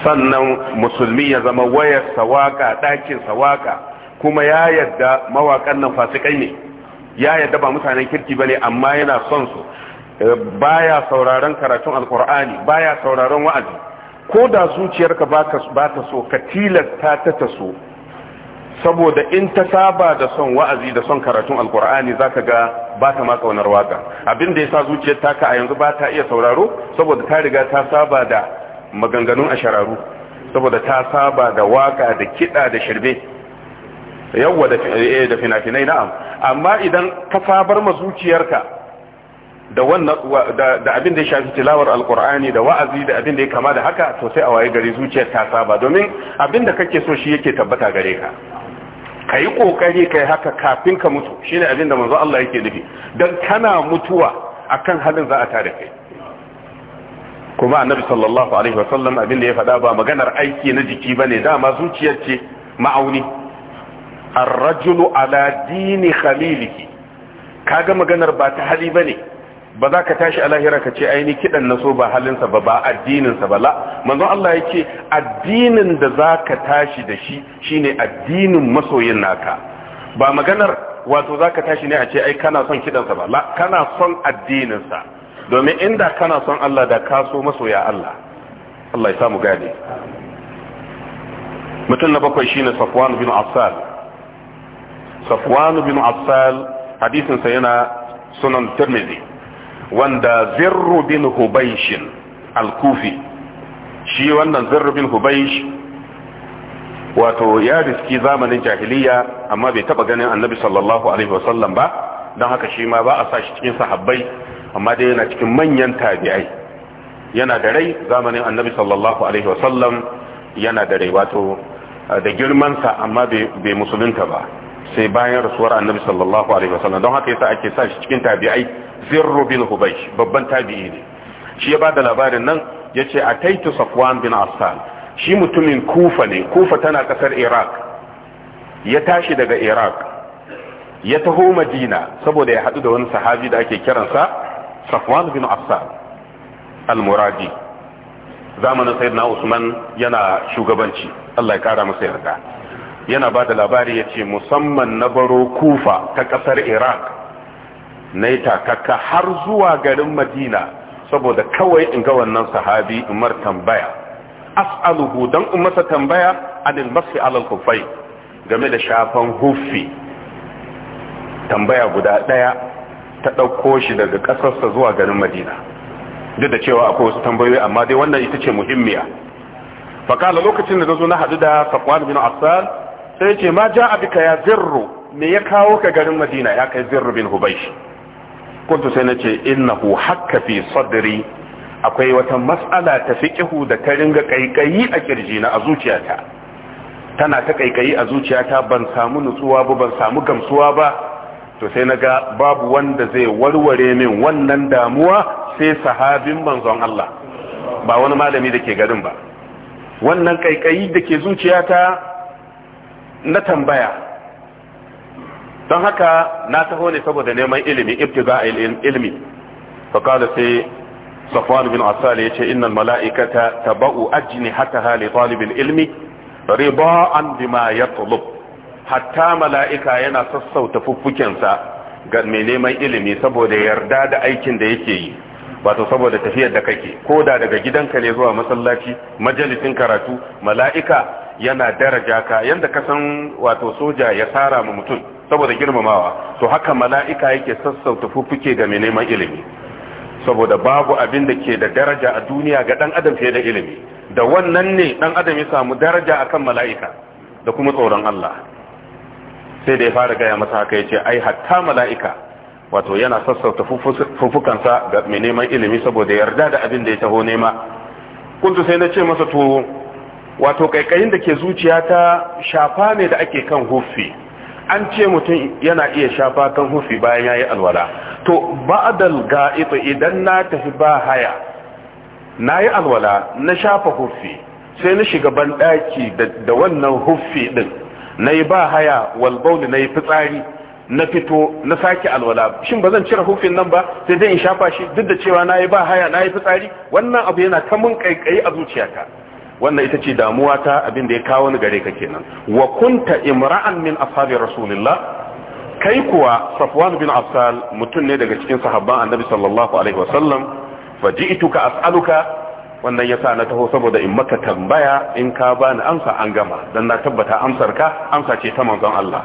sannan musulmi ya zama wayar sawaka ɗakin sawaka kuma ya yadda mawakan nan fasikai ne ya yadda ba mutanen kirki ba ne amma yana son su baya sauraron karatun alkur'ani baya sauraron wa'azi ko da zuciyarka ba ta so ka tilasta ta taso. saboda in ta saba da son wa'azi da son karatun alkur'ani za ka ga ba ta ma kaunar waka abin da ya sa zuciyar taka a yanzu ba ta iya sauraro saboda ta riga ta saba da maganganun ashararu saboda ta saba da waka da kiɗa da shirbe yawwa eh, da fina-finai na'am amma idan ka sabar ma zuciyarka da wannan da abin da ya shafi tilawar alkur'ani da wa'azi da abin da ya kama da haka to sai a waye gari zuciyar ta saba domin abin da kake so shi yake tabbata gare ka ka yi ƙoƙari ka yi haka kafin ka mutu shi ne abin manzo Allah yake nufi don kana mutuwa akan halin za a tare kai kuma annabi sallallahu alaihi wasallam abin da ya faɗa ba maganar aiki na jiki bane dama zuciyar ce ma'auni arrajulu rajulu ala dini khalilihi kaga maganar ba ta hali bane ba za ka tashi a lahira ka ce aini kiɗan na so ba halinsa ba ba addininsa ba la manzon Allah ya ce addinin da za ka tashi da shi shine addinin masoyin naka ba maganar wato za ka tashi ne a ce ai kana son kiɗansa ba la kana son addininsa domin inda kana son Allah da ka so masoya Allah Allah ya samu gane mutum na bakwai shine Safwan bin Affan Safwan bin Affan hadisin sa yana sunan Tirmidhi wanda zirru bin hubaishin al-kufi shi wannan zirrubin hubaish wato ya riski zamanin jahiliya amma bai taba ganin annabi sallallahu alaihi wasallam ba don haka shi ma ba a sa shi cikin sahabbai amma dai yana cikin manyan tabi'ai yana da rai zamanin annabi sallallahu alaihi wasallam yana da rai wato da girmansa amma bai musulunta ba sai bayan rasuwar annabi sallallahu alaihi wasallam don haka yasa ake sa shi cikin tabi'ai zirru bin hubaish babban tabi'i ne shi ya bada labarin nan yace ataitu safwan bin asal shi mutumin kufa ne kufa tana kasar iraq ya tashi daga iraq ya taho madina saboda ya hadu da wani sahabi da ake kiransa safwan bin asal al-muradi zamanin sayyidina usman yana shugabanci Allah ya kara masa yarda yana bada da labari ya musamman na baro kufa ta kasar iraq na yi takakka har zuwa garin madina saboda kawai in ga wannan sahabi umar tambaya as'aluhu don in masa tambaya anil masu alalkufai kufai game da shafan hufi tambaya guda ɗaya ta ɗauko shi daga ƙasarsa zuwa garin madina duk da cewa akwai wasu tambayoyi amma dai wannan ita ce muhimmiya fakala lokacin da na zo na haɗu da saƙwani bin asal sai ce ma ja abika ya zirru me ya kawo ka garin madina ya kai zirru bin hubaishi kuntu sai na ce innahu hakka fi sadri akwai wata mas'ala ta fiqhu da ta ringa kaikayi a kirji na a zuciyata tana ta kaikayi a zuciyata ban samu nutsuwa ba ban samu gamsuwa ba to sai na ga babu wanda zai warware min wannan damuwa sai sahabin manzon Allah ba wani malami da ke garin ba wannan kaikayi da ke zuciyata na tambaya don haka na taho ne saboda neman ilimi ibtiga ilimi fa sai safwan bin asal yace innal malaikata tabau ajnihataha hali talib ilmi riba'an bima yatlub hatta malaika yana sassauta fuffukensa ga mai neman ilimi saboda yarda da aikin da yake yi wato saboda tafiyar da kake ko da daga gidanka ne zuwa masallaci majalisin karatu mala'ika yana daraja ka yanda ka san wato soja ya tsara ma mutum saboda girmamawa to haka mala'ika yake sassauta fuffuke ga mai neman ilimi saboda babu abin da ke da daraja a duniya ga dan adam fiye da ilimi da wannan ne dan adam ya samu daraja akan mala'ika da kuma tsoron Allah sai da ya fara gaya masa haka ya ce ai hatta mala'ika wato yana sassauta fuffukansa ga mai neman ilimi saboda yarda da abin da ya taho nema kuntu sai na ce masa to wato kaikayin da ke zuciya ta shafa ne da ake kan hufi an ce mutum yana iya shafa kan hufi bayan ya yi alwala to ba'dal ga'ib idan na tafi ba haya na yi alwala na shafa hufi sai na shiga ban daki da wannan hufi din yi ba haya wal na yi fitsari na fito na sake alwala shin ba zan cire hufin nan ba sai dai in shafa shi duk da cewa na yi ba haya na yi fitsari wannan abu yana ta mun kaikayi a zuciyata wannan ita ce damuwa ta abin da ya kawo ni gare ka kenan wa kunta imra'an min ashabi rasulillah kai kuwa safwan bin afsal mutum ne daga cikin sahabban annabi sallallahu alaihi wasallam fa ji'tuka as'aluka wannan yasa na taho saboda in maka tambaya in ka bani amsa an gama dan na tabbata amsar ka amsa ce ta manzon Allah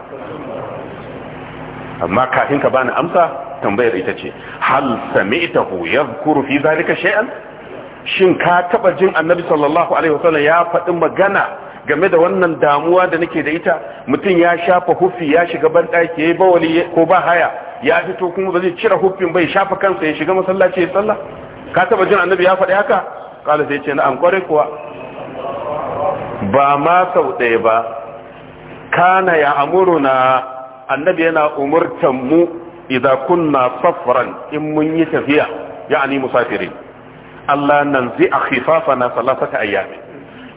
amma kafin ka bani amsa tambayar ita ce hal sami'tahu yadhkuru fi zalika shay'an shin ka taba jin annabi sallallahu alaihi wasallam ya faɗi magana game da wannan damuwa da nake da ita mutum ya shafa hufi ya shiga banɗaki ya yi bawali ko ba haya ya fito kuma ba zai cire hufin bai shafa kansa ya shiga masallaci ya tsalla? ka taba jin annabi ya faɗi haka kala sai ce na'am kwarai kuwa ba ma sau ɗaya ba kana ya amuruna annabi yana umurtan mu idan kunna safran in mun yi tafiya ya'ani musafirin Allah nan zai a khifafa na ta ayyami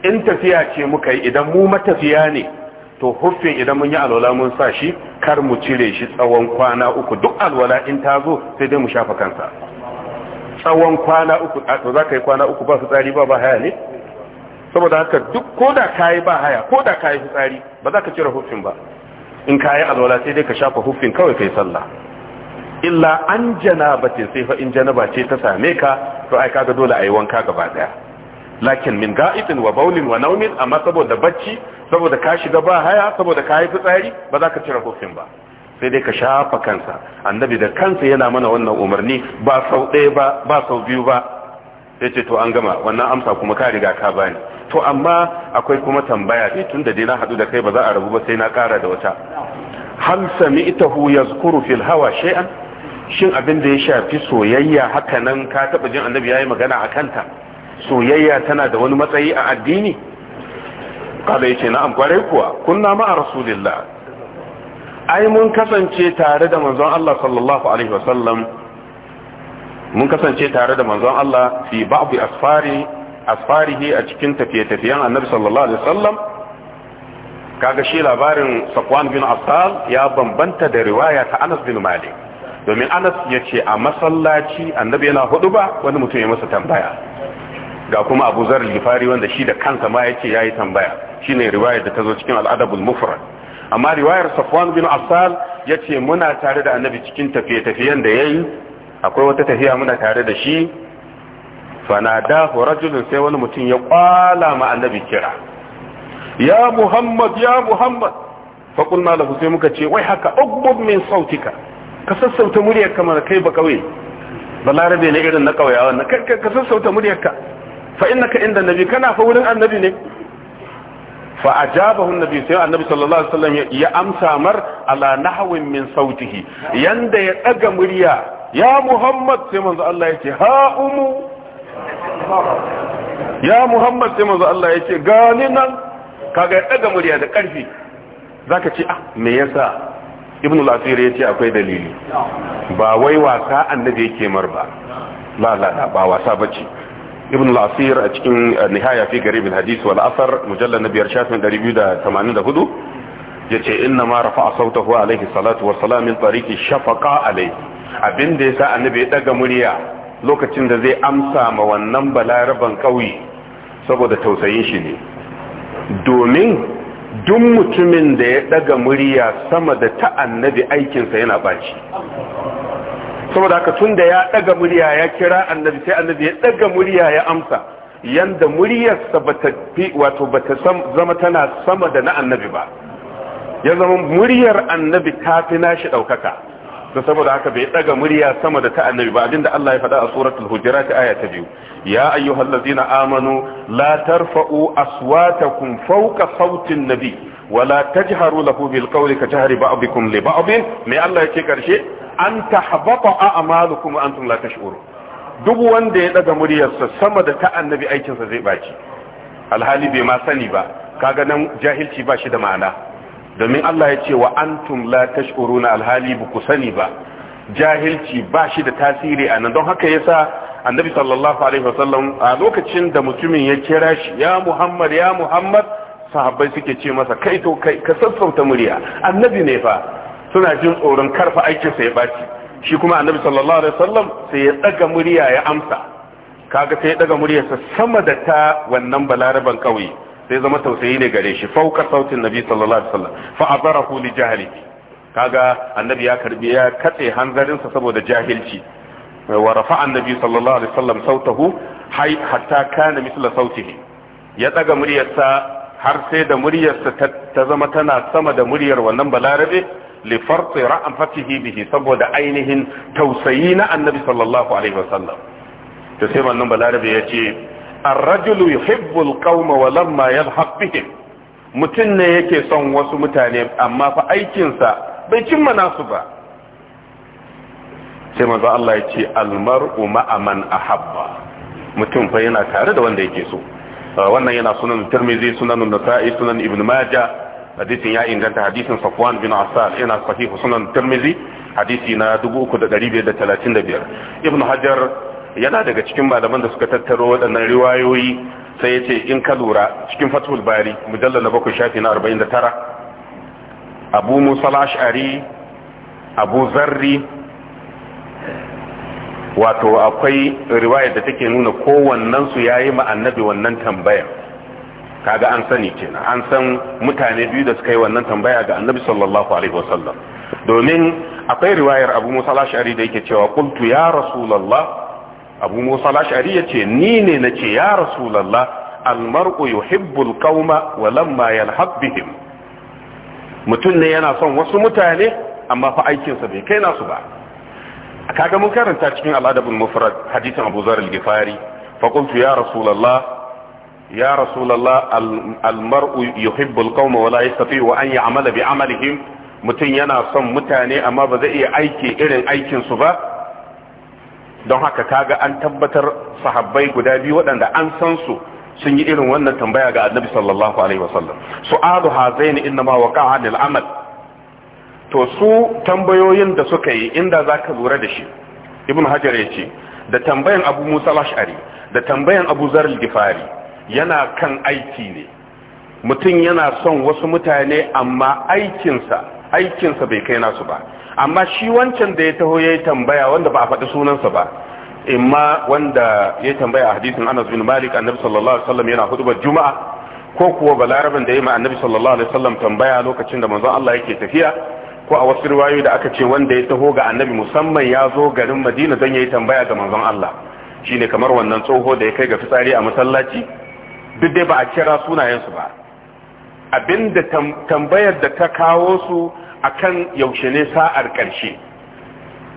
in tafiya ce muka yi idan mu matafiya ne to huffin idan mun yi alwala mun sa shi kar mu cire shi tsawon kwana uku duk alwala in ta zo sai dai mu shafa kansa tsawon kwana uku a to za ka yi kwana uku ba su tsari ba ba haya ne saboda haka duk ko da ka yi ba haya ko da ka yi tsari ba za ka cire huffin ba in ka yi alwala sai dai ka shafa huffin kawai kai sallah illa an ce sai fa in janaba ce ta same ka to ai kaga dole ayi wanka gaba daya lakin min ga'itin wa baulin wa naumin amma saboda bacci saboda ka shiga ba haya saboda ka yi fitsari ba za ka cire kofin ba sai dai ka shafa kansa annabi da kansa yana mana wannan umarni ba sau ɗaya ba ba sau biyu ba sai ce to an gama wannan amsa kuma ka riga ka bani to amma akwai kuma tambaya dai eh, tun da dai na haɗu da kai ba za a rabu ba sai na ƙara da wata hal sami'tahu yazkuru fil hawa shay'an shin abin da ya shafi soyayya haka nan ka taɓa jin annabi yi magana a kanta soyayya tana da wani matsayi a addini kada ya ce na'am kwarai kuwa kunna ma'a rasulillah ai mun kasance tare da manzon Allah sallallahu alaihi wasallam mun kasance tare da manzon Allah fi ba'd asfari asfarihi a cikin tafiye-tafiyen annabi sallallahu alaihi wasallam kaga shi labarin Safwan bin Affan ya bambanta da riwaya ta Anas bin Malik domin anas ya ce a masallaci annabi yana hudu ba wani mutum ya masa tambaya ga kuma abu zar gifari wanda shi da kansa ma ya ce ya yi tambaya shi ne riwayar da ta zo cikin al'adabul mufrad amma riwayar safwan bin asal ya ce muna tare da annabi cikin tafiye-tafiyen da ya yi akwai wata tafiya muna tare da shi fanadahu rajulun sai wani mutum ya kwala ma annabi kira ya muhammad ya muhammad faƙulna sai muka ce wai haka ugbub min sautika ka sassauta muryarka mana kai ba kauye balarabe ne irin na kauyawa na ka sassauta muryar ka fa innaka inda nabi kana fa wurin annabi ne fa ajabahu annabi sai annabi sallallahu alaihi wasallam ya amsa mar ala nahwin min sautihi yanda ya daga murya ya muhammad sai manzo Allah yace ha umu ya muhammad sai manzo Allah yace gani nan kaga ya daga murya da karfi zaka ce ah me yasa ibn al-asir yace akwai dalili ba wai wasa annabi yake mar ba la la la ba wasa bace ibn al-asir a cikin nihaya fi garib al-hadith wal athar mujallal na biyar shafin 284 yace inna ma rafa'a sautahu alayhi salatu wa salam min tariqi shafaqa alayhi abinda yasa annabi ya daga murya lokacin da zai amsa ma wannan balaraban kauyi saboda tausayin shi ne domin duk mutumin da ya daga murya sama da ta annabi aikinsa yana baci saboda haka tun da ya daga murya ya kira annabi sai annabi ya daga murya ya amsa yanda muryarsa bata fi wato bata zama tana sama da na annabi ba ya zama muryar annabi ta fi nashi daukaka da saboda haka bai daga murya sama da ta annabi ba abinda Allah ya faɗa a suratul hujurat aya ta biyu ya ayyuhallazina amanu la tarfa'u aswatakum fawqa sautin nabi wala tajharu lahu bil qawli ka jahri ba'dikum li ba'd me Allah yake karshe an tahbata a'malukum antum la tash'urun duk wanda ya daga muryarsa sama da ta annabi aikinsa zai baci alhali bai ma sani ba kaga nan jahilci ba shi da ma'ana domin Allah ya ce wa antum la tash'uruna alhali bu ku sani ba jahilci ba shi da tasiri a nan don haka sa annabi sallallahu alaihi wasallam a lokacin da mutumin ya kira shi ya Muhammad ya Muhammad sahabbai suke ce masa kai to kai ka sassauta murya annabi ne fa suna jin tsoron karfa aikin sa ya baci shi kuma annabi sallallahu alaihi wasallam sai ya daga murya ya amsa kaga sai ya daga muryarsa sama da ta wannan balaraban kauye sai zama tausayi ne gare shi fauka sautin nabi sallallahu alaihi wasallam fa azarahu li jahlihi kaga annabi ya karbi ya katse hanzarinsa saboda jahilci wa rafa'a annabi sallallahu alaihi wasallam sautahu hay hatta kana misla sautihi ya daga muryarsa har sai da muryarsa ta zama tana sama da muryar wannan balarabe li farti ra'afatihi bihi saboda ainihin tausayi na annabi sallallahu alaihi wasallam to sai wannan balarabe ya ce ar-rajulu yuhibbu al-qauma mutum ne yake son wasu mutane amma fa aikinsa bai cimma nasu ba sai maza Allah ya ce al ahabba mutum fa yana tare da wanda yake so uh, wannan yana sunan turmizi sunan Nasa'i sunan Ibn maja hadisin ya inganta hadisin Safwan bin asar yana sahihu sunan turmizi hadisi na 3535 Ibn Hajar yana daga cikin malaman da suka tattaro waɗannan riwayoyi sai ya ce in ka lura cikin fatul bari mujallar na bakwai shafi na arba'in da tara abu musa lashari abu zarri wato akwai riwayar da take nuna kowannensu ya yi ma'annabi wannan tambayar kaga an sani kenan an san mutane biyu da suka yi wannan tambaya ga annabi sallallahu alaihi wasallam domin akwai riwayar abu musa lashari da yake cewa kultu ya rasulallah abu musa lashari ya ce ni ne na ce ya rasulallah almar'u yuhibbul qauma wa lamma yalhaq bihim mutum ne yana son wasu mutane amma fa aikinsa bai kai nasu ba kaga mun karanta cikin al'adabul mufrad hadisin abu zar al-gifari fa qultu ya rasulallah يا رسول الله المرء يحب القوم ولا يستطيع أن يعمل بعملهم mutum yana son mutane amma ba zai iya aiki irin aikin su ba don haka kaga an tabbatar sahabbai guda biyu waɗanda an san su sun yi irin wannan tambaya ga annabi sallallahu alaihi wasallam su'alu hazain inna ma waqa'a lil amal to su tambayoyin da suka yi inda zaka lura da shi ibn hajar ya ce da tambayan abu musa lashari da tambayan abu zar gifari yana kan aiki ne mutum yana son wasu mutane amma aikinsa aikinsa bai kai nasu ba amma shi wancan da ya taho ya yi tambaya wanda ba a faɗi sunansa ba imma wanda ya tambaya a hadisin anas bin malik annabi sallallahu alaihi wasallam yana hudubar juma'a ko kuwa balaraban da ya ma annabi sallallahu alaihi wasallam tambaya lokacin da manzon Allah yake tafiya ko a wasu riwayoyi da aka ce wanda ya taho ga annabi musamman ya zo garin madina don ya yi tambaya ga manzon Allah shine kamar wannan tsoho da ya kai ga fitsari a masallaci duk dai ba a kira sunayensu ba abinda tambayar da ta kawo su akan yaushe ne sa'ar ƙarshe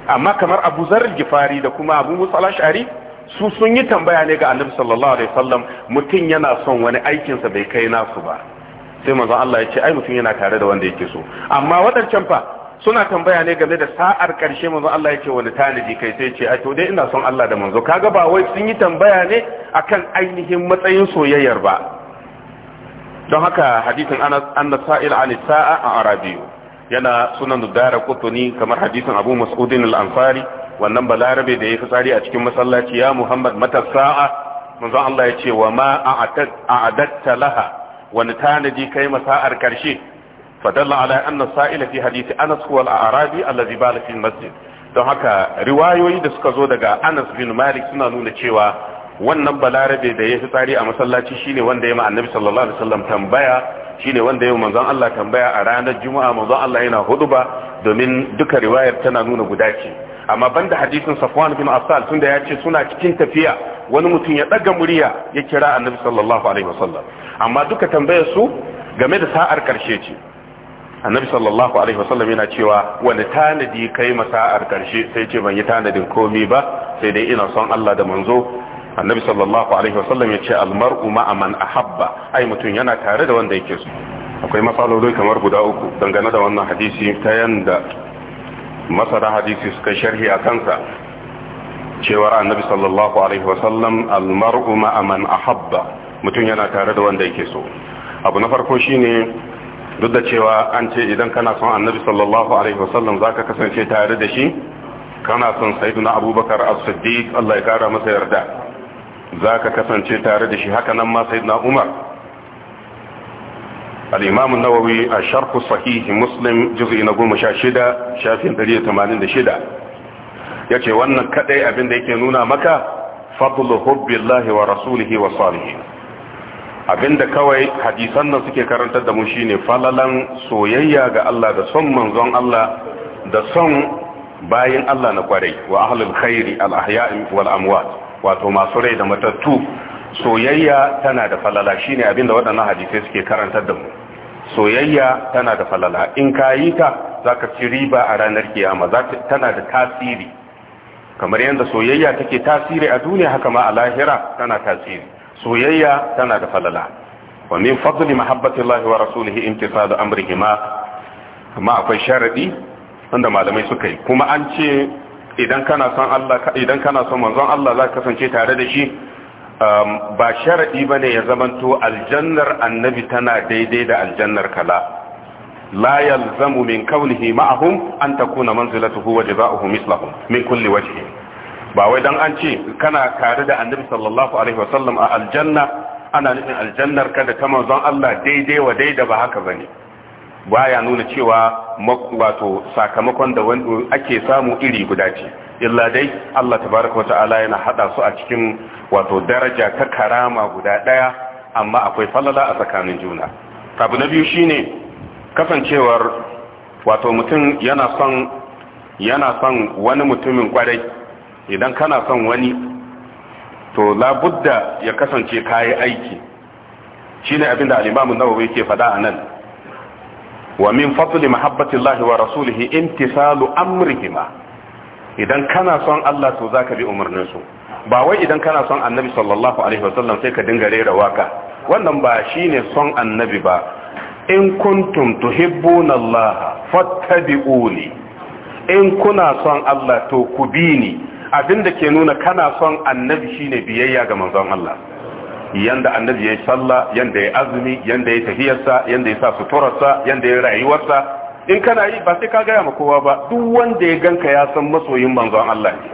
amma kamar abu zarar gifari da kuma abu musala shari su sun yi tambaya ne ga annabi sallallahu alaihi wasallam mutum yana son wani aikinsa bai kai nasu ba sai manzon Allah ya ce ai mutum yana tare da wanda yake so amma waɗancan fa suna tambaya ne game da sa'ar ƙarshe manzon Allah ya ce wani tanadi kai sai ce ai to dai ina son Allah da manzo kaga ba wai sun yi tambaya ne akan ainihin matsayin soyayyar ba don haka hadisin anas anna sa'il an sa'a a arabi yana sunan dara kutuni kamar hadisin abu mas'udin al-ansari wannan balarabe da ya fitsari a cikin masallaci ya muhammad Matasa'a manzo Allah ya ce wa ma a'adatta laha wani tanaji kai masa'ar karshe fadalla ala anna sa'ila fi hadisi anas huwa al-arabi allazi bala fi masjid don haka riwayoyi da suka zo daga anas bin malik suna nuna cewa wannan balarabe da ya fitsari a masallaci shine wanda ya ma sallallahu alaihi wasallam tambaya shine wanda ya manzon Allah tambaya a ranar juma'a manzon Allah yana huduba domin duka riwayar tana nuna guda ce amma banda hadisin Safwan bin Affan tunda ya ce suna cikin tafiya wani mutum ya daga murya ya kira annabi sallallahu alaihi wasallam amma duka tambayar su game da sa'ar karshe ce annabi sallallahu alaihi wasallam yana cewa wani tanadi kai masa'ar karshe sai ce ban yi tanadin komi ba sai dai ina son Allah da manzo annabi sallallahu alaihi wasallam ya ce almar'u ma'a man ahabba ai mutum yana tare da wanda yake so akwai matsaloli kamar guda uku dangane da wannan hadisi ta yanda masara hadisi suka sharhi a kansa cewa annabi sallallahu alaihi wasallam almar'u ma'a man ahabba mutum yana tare da wanda yake so abu na farko shine duk da cewa an ce idan kana son annabi sallallahu alaihi wasallam zaka kasance tare da shi kana son sayyidina abubakar as-siddiq Allah ya kara masa yarda za ka kasance tare da shi haka nan ma sayyidina umar al nawawi a sharku sahih muslim juz'i na 16 shafin Ya yace wannan kaɗai abinda yake nuna maka fadlu hubbillahi wa rasulihi wa salihin abinda kawai hadisan nan suke karantar da mu shine falalan soyayya ga Allah da son manzon Allah da son bayin Allah na kwarai wa ahlul khairi al-ahya'i wal amwat wato masu rai da matattu soyayya tana da falala shine abinda waɗannan hadisai suke karantar da mu soyayya tana da falala in ka yi ta zaka ci riba a ranar kiyama tana da tasiri kamar yadda soyayya take tasiri a duniya haka ma a lahira tana tasiri soyayya tana da falala wa min fadli mahabbatillahi wa rasulihi imtisadu amrihima amma akwai sharadi wanda malamai suka yi kuma an ce idan kana son Allah manzon Allah za ka kasance tare da shi um, ba sharaɗi ba ne ya zamanto aljannar annabi tana daidai da aljannar kala la yalzamu min kaunihi ma'ahum an takuna manzilatuhu wa jazaohu mislahum min kulli waje. ba wai don an ce kana tare da annabi sallallahu alaihi wasallam a aljanna ana nufin aljannar ka da ta manzon Allah daidai wa daida ba haka bane baya nuna cewa wato sakamakon da wanda ake samu iri guda ce illa dai Allah tabaraka wa ta'ala yana hada su a cikin wato daraja ta karama guda daya amma akwai falala a tsakanin juna abu na biyu shine kasancewar wato mutum yana son yana son wani mutumin kwarai idan kana son wani to labudda ya kasance kayi aiki shine abinda al-Imam an-Nawawi yake fada anan wa min fadli mahabbatillahi wa rasulihi imtisalu amrihima idan kana son Allah to zaka bi umarnin su ba wai idan kana son annabi sallallahu alaihi wasallam sai ka dinga raira waka wannan ba shine son annabi ba in kuntum tuhibbuna Allah fattabi'uni in kuna son Allah to ku bi ni abinda ke nuna kana son annabi shine biyayya ga manzon Allah yanda annabi ya sallah, yanda ya azumi yanda ya tahiyarsa yanda ya sa suturarsa yanda ya rayuwarsa in kana yi ba sai ka gaya ma kowa ba duk wanda ya ganka ya san masoyin manzon Allah ne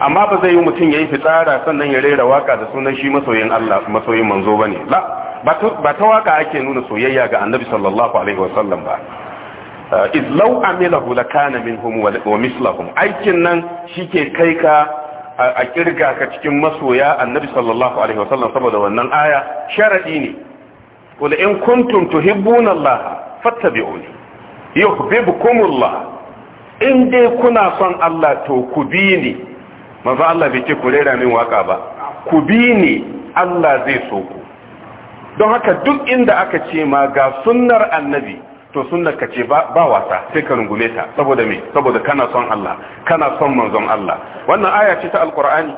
amma ba zai yi mutum ya yi fitsara sannan ya rera waka da sunan shi masoyin Allah masoyin manzo ba ne ba ta waka ake nuna soyayya ga annabi sallallahu alaihi wasallam ba uh, izlau amilahu lakana minhum wa mislahum aikin nan shike kai ka a kirga ka cikin masoya annabi sallallahu alaihi wasallam saboda wannan aya sharadi ne qul in kuntum tuhibbuna Allah fattabi'uni yuhibbukum in dai kuna son Allah to ku bi ni manzo Allah bai ce ku rera min waka ba ku bi ni Allah zai so ku don haka duk inda aka ce ma ga sunnar annabi to sunnar ka ce ba wasa sai ka rungume ta saboda me saboda kana son Allah kana son manzon Allah wannan aya ce ta alqur'ani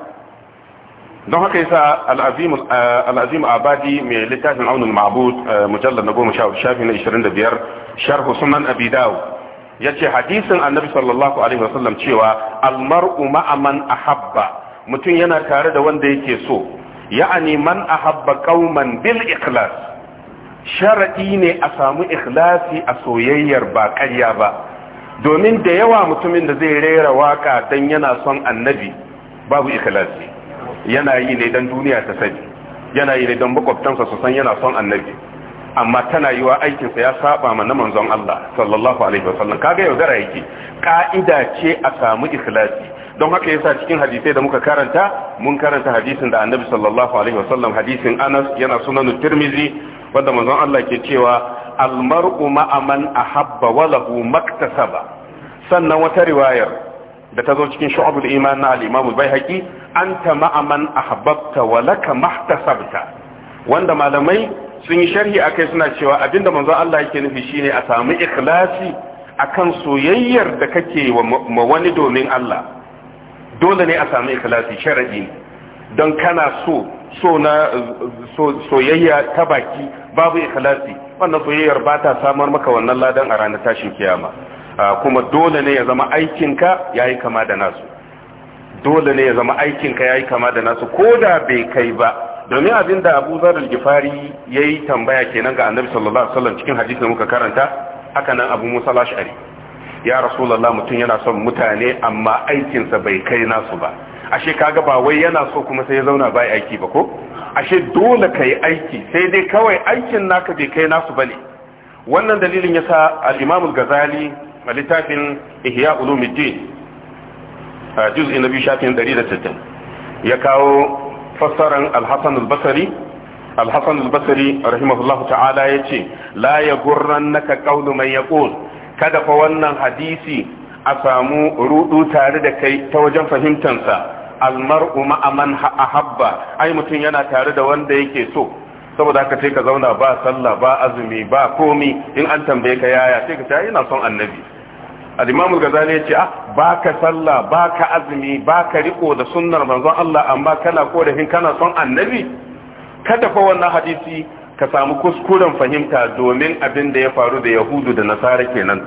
don haka yasa al-azim eh, al-azim abadi mai littafin aunul ma'bud eh, mujallad na 10 shafi na 25 sharhu sunan abi dawud yace hadisin annabi sallallahu alaihi wasallam cewa al-mar'u ma'a man ahabba mutum yana tare da wanda yake so ya'ani man ahabba qauman bil ikhlas sharaɗi ne a samu ikhlasi a soyayyar ba ƙarya ba domin da yawa mutumin da zai rera waka don yana son annabi babu ikhlasi yana yi ne don duniya ta sani yana yi ne don makwabtansa su san yana son annabi amma tana yi wa aikinsa ya saba ma na manzon Allah sallallahu alaihi wa wasallam kaga yaudara yake ka'ida ce a samu ikhlasi don haka yasa cikin hadisai da muka karanta mun karanta hadisin da annabi sallallahu alaihi wa sallam hadisin Anas yana sunan Tirmidhi wanda manzon Allah ke cewa almar'u ma'a man ahabba wa maktasaba sannan wata riwayar da ta zo cikin shu'abul iman na al-imam al-baihaqi anta ma'a man ahabbta walaka maktasabta mahtasabta wanda malamai sun yi sharhi akai suna cewa abinda manzon Allah yake nufi shine a samu ikhlasi akan soyayyar da kake wa wani domin Allah dole ne a samu ikhlasi ne don kana so so na soyayya ta baki babu ikhlasi wannan soyayyar ba ta samar maka wannan ladan a ranar tashin kiyama kuma dole ne ya zama aikinka yayi kama da nasu dole ne ya zama aikinka yayi kama da nasu koda bai kai ba domin abin da Abu Zar al-Gifari yayi tambaya kenan ga Annabi sallallahu alaihi wasallam cikin hadisin muka karanta haka nan Abu Musa al-Ash'ari ya rasulullah mutum yana son mutane amma aikinsa bai kai nasu ba ashe kaga ba wai yana so kuma sai ya zauna bai aiki ba ko ashe dole ka yi aiki sai dai kawai aikin naka bai kai nasu bane wannan dalilin yasa al-imam al-ghazali a littafin ihya ulumuddin a juz'i na biyu shafin 160 ya kawo fassaran al-hasan al-basri al-hasan al-basri rahimahullahu ta'ala yace la qawlu man yaqul kada fa wannan hadisi a samu rudu tare da kai ta wajen fahimtansa almar'u ma'a man ahabba ai mutum yana tare da wanda yake so saboda ka sai ka zauna ba sallah ba azumi ba komi in an tambaye ka yaya sai ka ce ina son annabi al-imam al-ghazali yace ah baka sallah baka azumi ba ka riko da sunnar manzon Allah amma kana korafin kana son annabi kada tafi wannan hadisi ka samu kuskuren fahimta domin abin da ya faru da yahudu da nasara kenan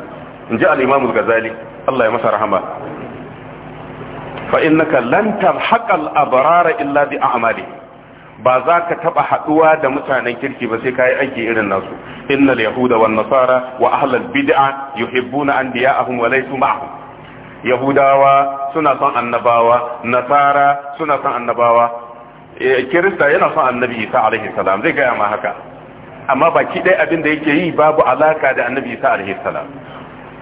inji al-imam al Allah ya masa rahama fa innaka lan tarhaqal abrara illa bi a'mali ba za ka taba haduwa da mutanen kirki ba sai yi aiki irin nasu innal yahuda wan nasara wa ahlal bid'a yuhibbuna anbiya'ahum wa laysu ma'ahum yahudawa suna son annabawa nasara suna son annabawa e, kirista yana son annabi isa salam zai gaya ma haka amma baki ɗaya abin da yake yi babu alaka da annabi isa alaihi salam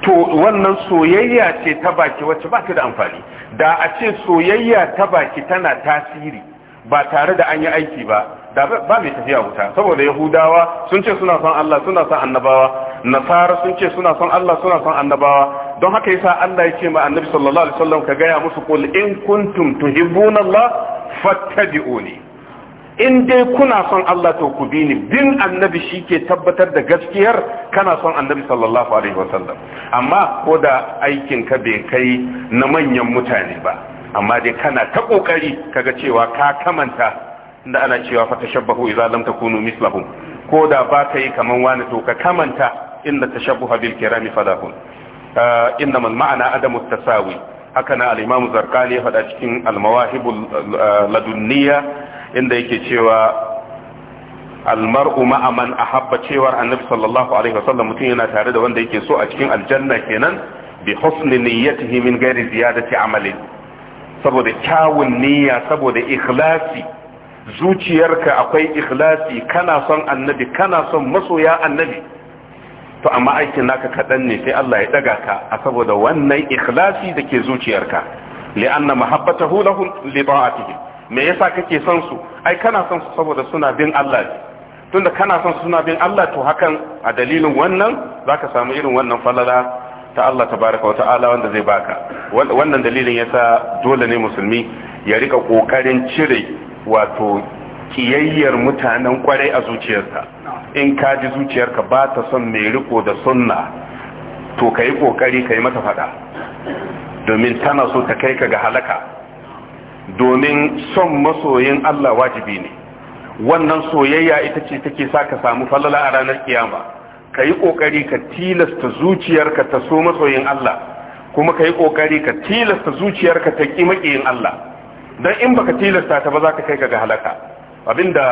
to wannan soyayya ce ta baki wacce ba ta da amfani da a ce soyayya ta baki tana tasiri ba tare da an yi aiki ba da ba mai tafiya wuta saboda yahudawa sun ce suna son Allah suna son annabawa nasara sun ce suna son Allah suna son annabawa don haka yasa Allah ya ce ma annabi sallallahu alaihi wasallam ka gaya musu qul in kuntum tuhibbuna Allah fattabi'uni in dai kuna son Allah to ku bi ni bin annabi shi ke tabbatar da gaskiyar kana son annabi sallallahu alaihi wasallam amma ko da aikin ka bai kai na manyan mutane ba amma dai kana ta kokari kaga cewa ka kamanta inda ana cewa fa tashabbahu idza lam takunu mislahum ko da ba ka yi kaman wani to ka kamanta inda tashabbuha bil kirami falahun uh, innama al ma'ana adamu tasawi haka na al-imam zarqani ya faɗa cikin al-mawahibul uh, ladunniya inda yake cewa almar'u ma'a man ahabba cewar annabi sallallahu alaihi wasallam mutum yana tare da wanda yake so a cikin aljanna kenan bi husni niyyatihi min ghairi ziyadati amalin saboda kyawun niyya saboda ikhlasi zuciyarka akwai ikhlasi kana son annabi kana son masoya annabi to amma aikin naka kaɗan ne sai Allah ya daga ka a saboda wannan ikhlasi da ke zuciyarka li'anna mahabbatahu lahu li ta'atihi me yasa kake son su ai kana son su saboda suna bin Allah ne tunda kana son su suna bin Allah to hakan a dalilin wannan zaka samu irin wannan falala ta Allah tabaraka wa ta'ala wanda zai baka wannan dalilin yasa dole ne musulmi ya rika kokarin cire wato kiyayyar mutanen kwarai a zuciyarsa in ka ji zuciyarka ba ta son mai riko da sunna to ka yi kokari ka yi mata fada domin tana so ta kai ka ga halaka domin son masoyin Allah wajibi ne wannan soyayya ita ce take sa ka samu falala a ranar kiyama ka yi ƙoƙari ka tilasta zuciyarka ta so masoyin Allah kuma ka yi ƙoƙari ka tilasta zuciyarka ta ƙi maƙiyin Allah don in baka tilasta ta ba za ka kai ka ga halaka abinda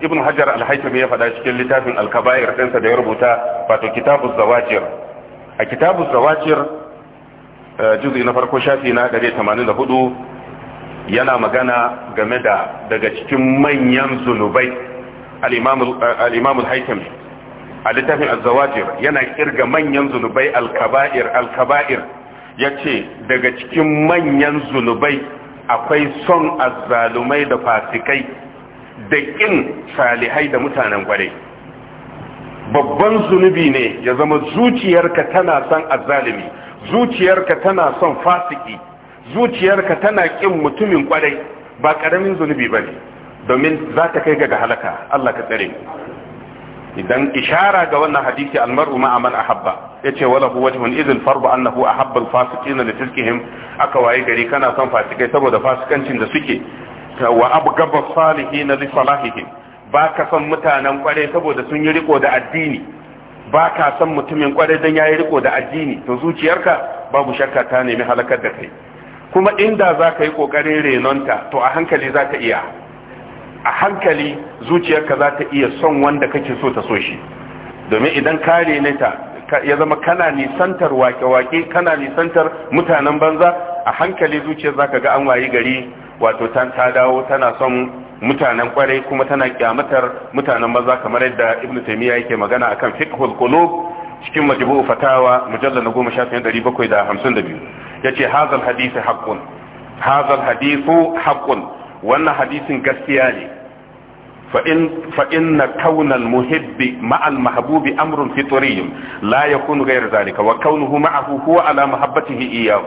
ibn hajar alhaitami ya faɗa cikin littafin alkabair ɗinsa da ya rubuta wato kitabuz zawajir a kitabuz zawajir eh, juzi na farko shafi na 184 yana magana game da daga cikin manyan zunubai al-imam al eh, a littafin azawajir yana kirga manyan zunubai al-kaba'ir al-kaba'ir ya ce daga cikin manyan zunubai akwai son azzalumai da fasikai da ƙin salihai da mutanen kwarai babban zunubi ne ya zama zuciyarka tana son azzalumi zuciyarka tana son fasiki zuciyarka tana kin mutumin kwarai ba karamin zunubi bane domin za ta kai ga halaka Allah ka tsare idan ishara ga wannan hadisi almar'u ma aman ahabba yace wala huwa wajhun idhil farbu annahu ahabba fasikina li tilkihim aka waye gari kana son fasikai saboda fasikancin da suke wa abgaba na li salahihim ka son mutanen kware saboda sun yi riko da addini ba ka son mutumin kware dan yayi riko da addini to zuciyarka babu shakka ta nemi halakar da kai kuma inda za ka yi ƙoƙarin renonta to a hankali za ka iya a hankali zuciyarka za ta iya son wanda kake so ta so shi domin idan ka reneta ya zama kana nisantar wake-wake kana nisantar mutanen banza a hankali zuciyar za ka ga an wayi gari wato ta dawo tana son mutanen kwarai kuma tana kyamatar mutanen banza kamar yadda ibn taimiyya yake magana akan fiqhul qulub cikin majmu'u fatawa mujallal na goma sha biyu. yace hazal hadisi haqqun hazal hadisu wannan hadisin gaskiya ne fa inna kaunal muhibbi ma'al mahbubi amrun fitriyyun la yakunu ghayr zalika wa kaunuhu ma'ahu huwa ala mahabbatihi iyyahu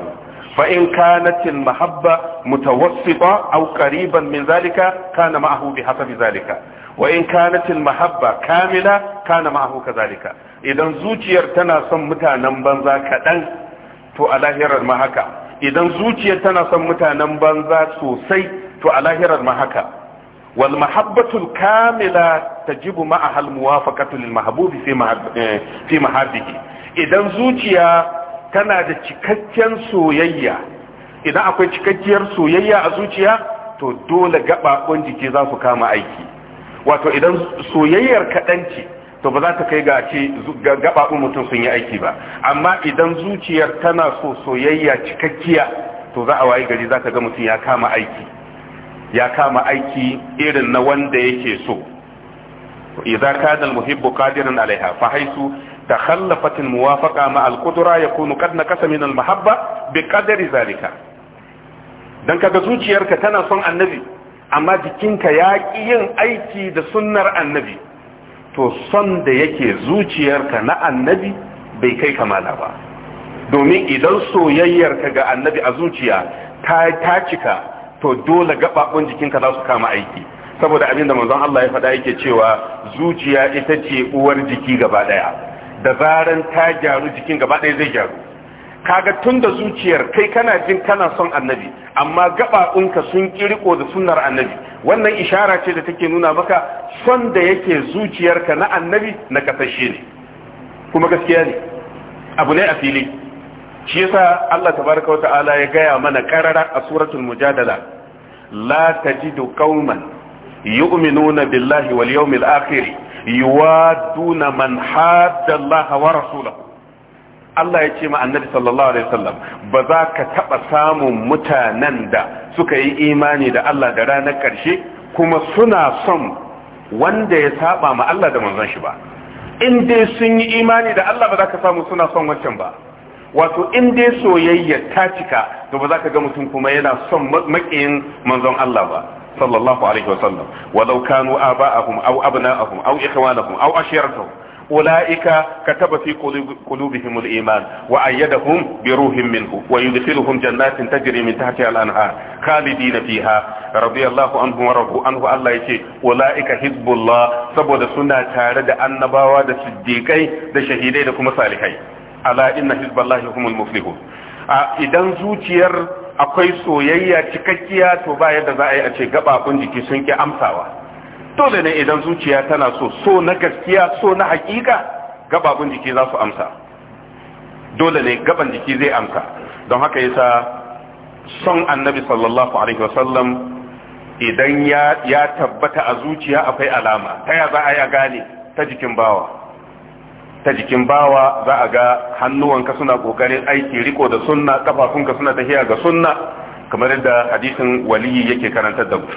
fa in kanat al mahabba mutawassita aw qariban min zalika kana ma'ahu bi hasabi zalika wa in kanat al mahabba kamila kana ma'ahu idan zuciyar tana son mutanen banza kaɗan. to a lahirar ma haka idan zuciyar tana son mutanen banza sosai to a lahirar ma haka wal mahabbatul kamila tajibu ma ahal muwafaqatu lil mahbubi eh, fi mahabbihi idan zuciya tana da cikakken soyayya idan akwai cikakkiyar soyayya a zuciya to dole gaɓaɓɓen jiki za su kama aiki wato idan soyayyar kaɗan ce to ba za ta kai ga ce gabaɓun mutum sun yi aiki ba amma idan zuciyar tana so soyayya cikakkiya to za a wayi gari za ka ga mutum ya kama aiki ya kama aiki irin na wanda yake so idza kana almuhibbu qadiran alaiha fa haisu takhallafat almuwafaqa ma alqudra yakunu qad nakasa min almahabba biqadri zalika dan kaga zuciyarka tana son annabi amma jikinka ya ƙi yin aiki da sunnar annabi to son da yake zuciyarka na annabi bai kai kamala ba domin idan soyayyarka ga annabi a zuciya ta ta cika to dole gaɓaɓɓun jikinka za su kama aiki saboda abin da manzon Allah ya faɗa yake cewa zuciya ita ce uwar jiki gaba daya da zaran ta gyaru jikin gaba daya zai gyaru kaga tun da zuciyar kai kana jin kana son annabi amma gabaɗinka sun kiriko da sunnar annabi wannan ishara ce da take nuna maka son da yake zuciyarka na annabi na kasashe ne kuma gaskiya ne abu ne a fili shi yasa Allah tabaraka wata'ala ya gaya mana karara a suratul mujadala la tajidu qauman yu'minuna billahi wal yawmil akhir yuwaduna man hadda Allah wa rasulahu Allah ya ce ma annabi sallallahu alaihi wasallam ba za ka taɓa samun mutanen da suka yi imani da Allah da ranar ƙarshe kuma suna son wanda ya saba ma Allah da manzon shi ba in dai sun yi imani da Allah ba za ka samu suna son wancan ba wato in dai soyayya ta cika to ba za ka ga mutum kuma yana son makiyin manzon Allah ba sallallahu alaihi wasallam walau kanu aba'ahum aw abna'ahum aw ikhwanahum aw ashiratuhum ulaika kataba fi qulubihim al-iman wa ayyadahum bi ruhin minhu wa jannatin ta min tahtiha al-anhar khalidina fiha radiyallahu anhu wa anhu Allah yace ulaika hizbullah saboda suna tare da annabawa da siddiqai da shahidai da kuma salihai ala inna hizballahi humul muflihun idan zuciyar akwai soyayya cikakkiya to ba yadda za a yi a ce gababun jiki sun ki amsawa dole ne idan zuciya tana so so na gaskiya so na hakika gababun jiki za su amsa dole ne gaban jiki zai amsa don haka yasa son annabi sallallahu alaihi wasallam idan ya tabbata a zuciya akwai alama ta ya za a ya gane ta jikin bawa ta jikin bawa za a ga hannuwanka suna kokarin aiki riko da sunna kafafunka suna tafiya ga sunna kamar yadda hadisin waliyi yake karantar da mu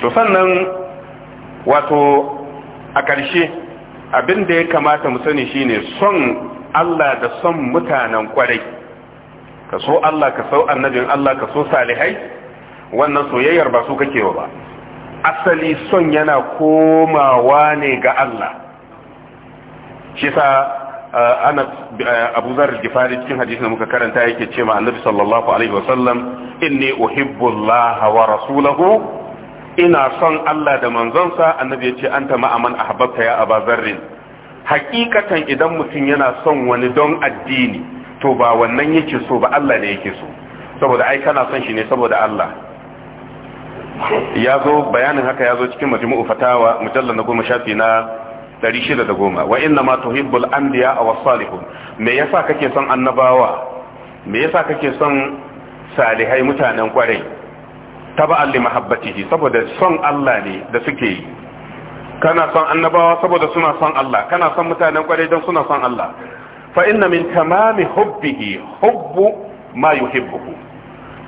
to sannan wato a ƙarshe abin da ya kamata mu sani shine son Allah da son mutanen kwarai ka so Allah ka so annabin Allah ka so salihai wannan soyayyar ba su kake ba asali son yana komawa ne ga Allah shi sa uh, ana uh, abu zar gifari cikin hadisi muka karanta yake ce ma annabi sallallahu alaihi wasallam inni uhibbu Allah wa rasulahu ina son Allah da manzonsa annabi ya ce an ta ma'aman habarta ya aba zarrin hakikatan idan mutum yana son wani don addini to ba wannan yake so ba Allah ne yake so saboda ai kana son shi ne saboda Allah ya zo bayanin haka ya zo cikin majmu'u fatawa mujallal na goma shafi na 610 wa inna ma tuhibbul anbiya aw salihun me yasa kake son annabawa me yasa kake son salihai mutanen kwarai taba'an li mahabbatihi saboda son Allah ne da suke yi kana son annabawa saboda suna son Allah kana son mutanen kwarai don suna son Allah fa inna min tamami hubbihi hubbu ma yuhibbuhu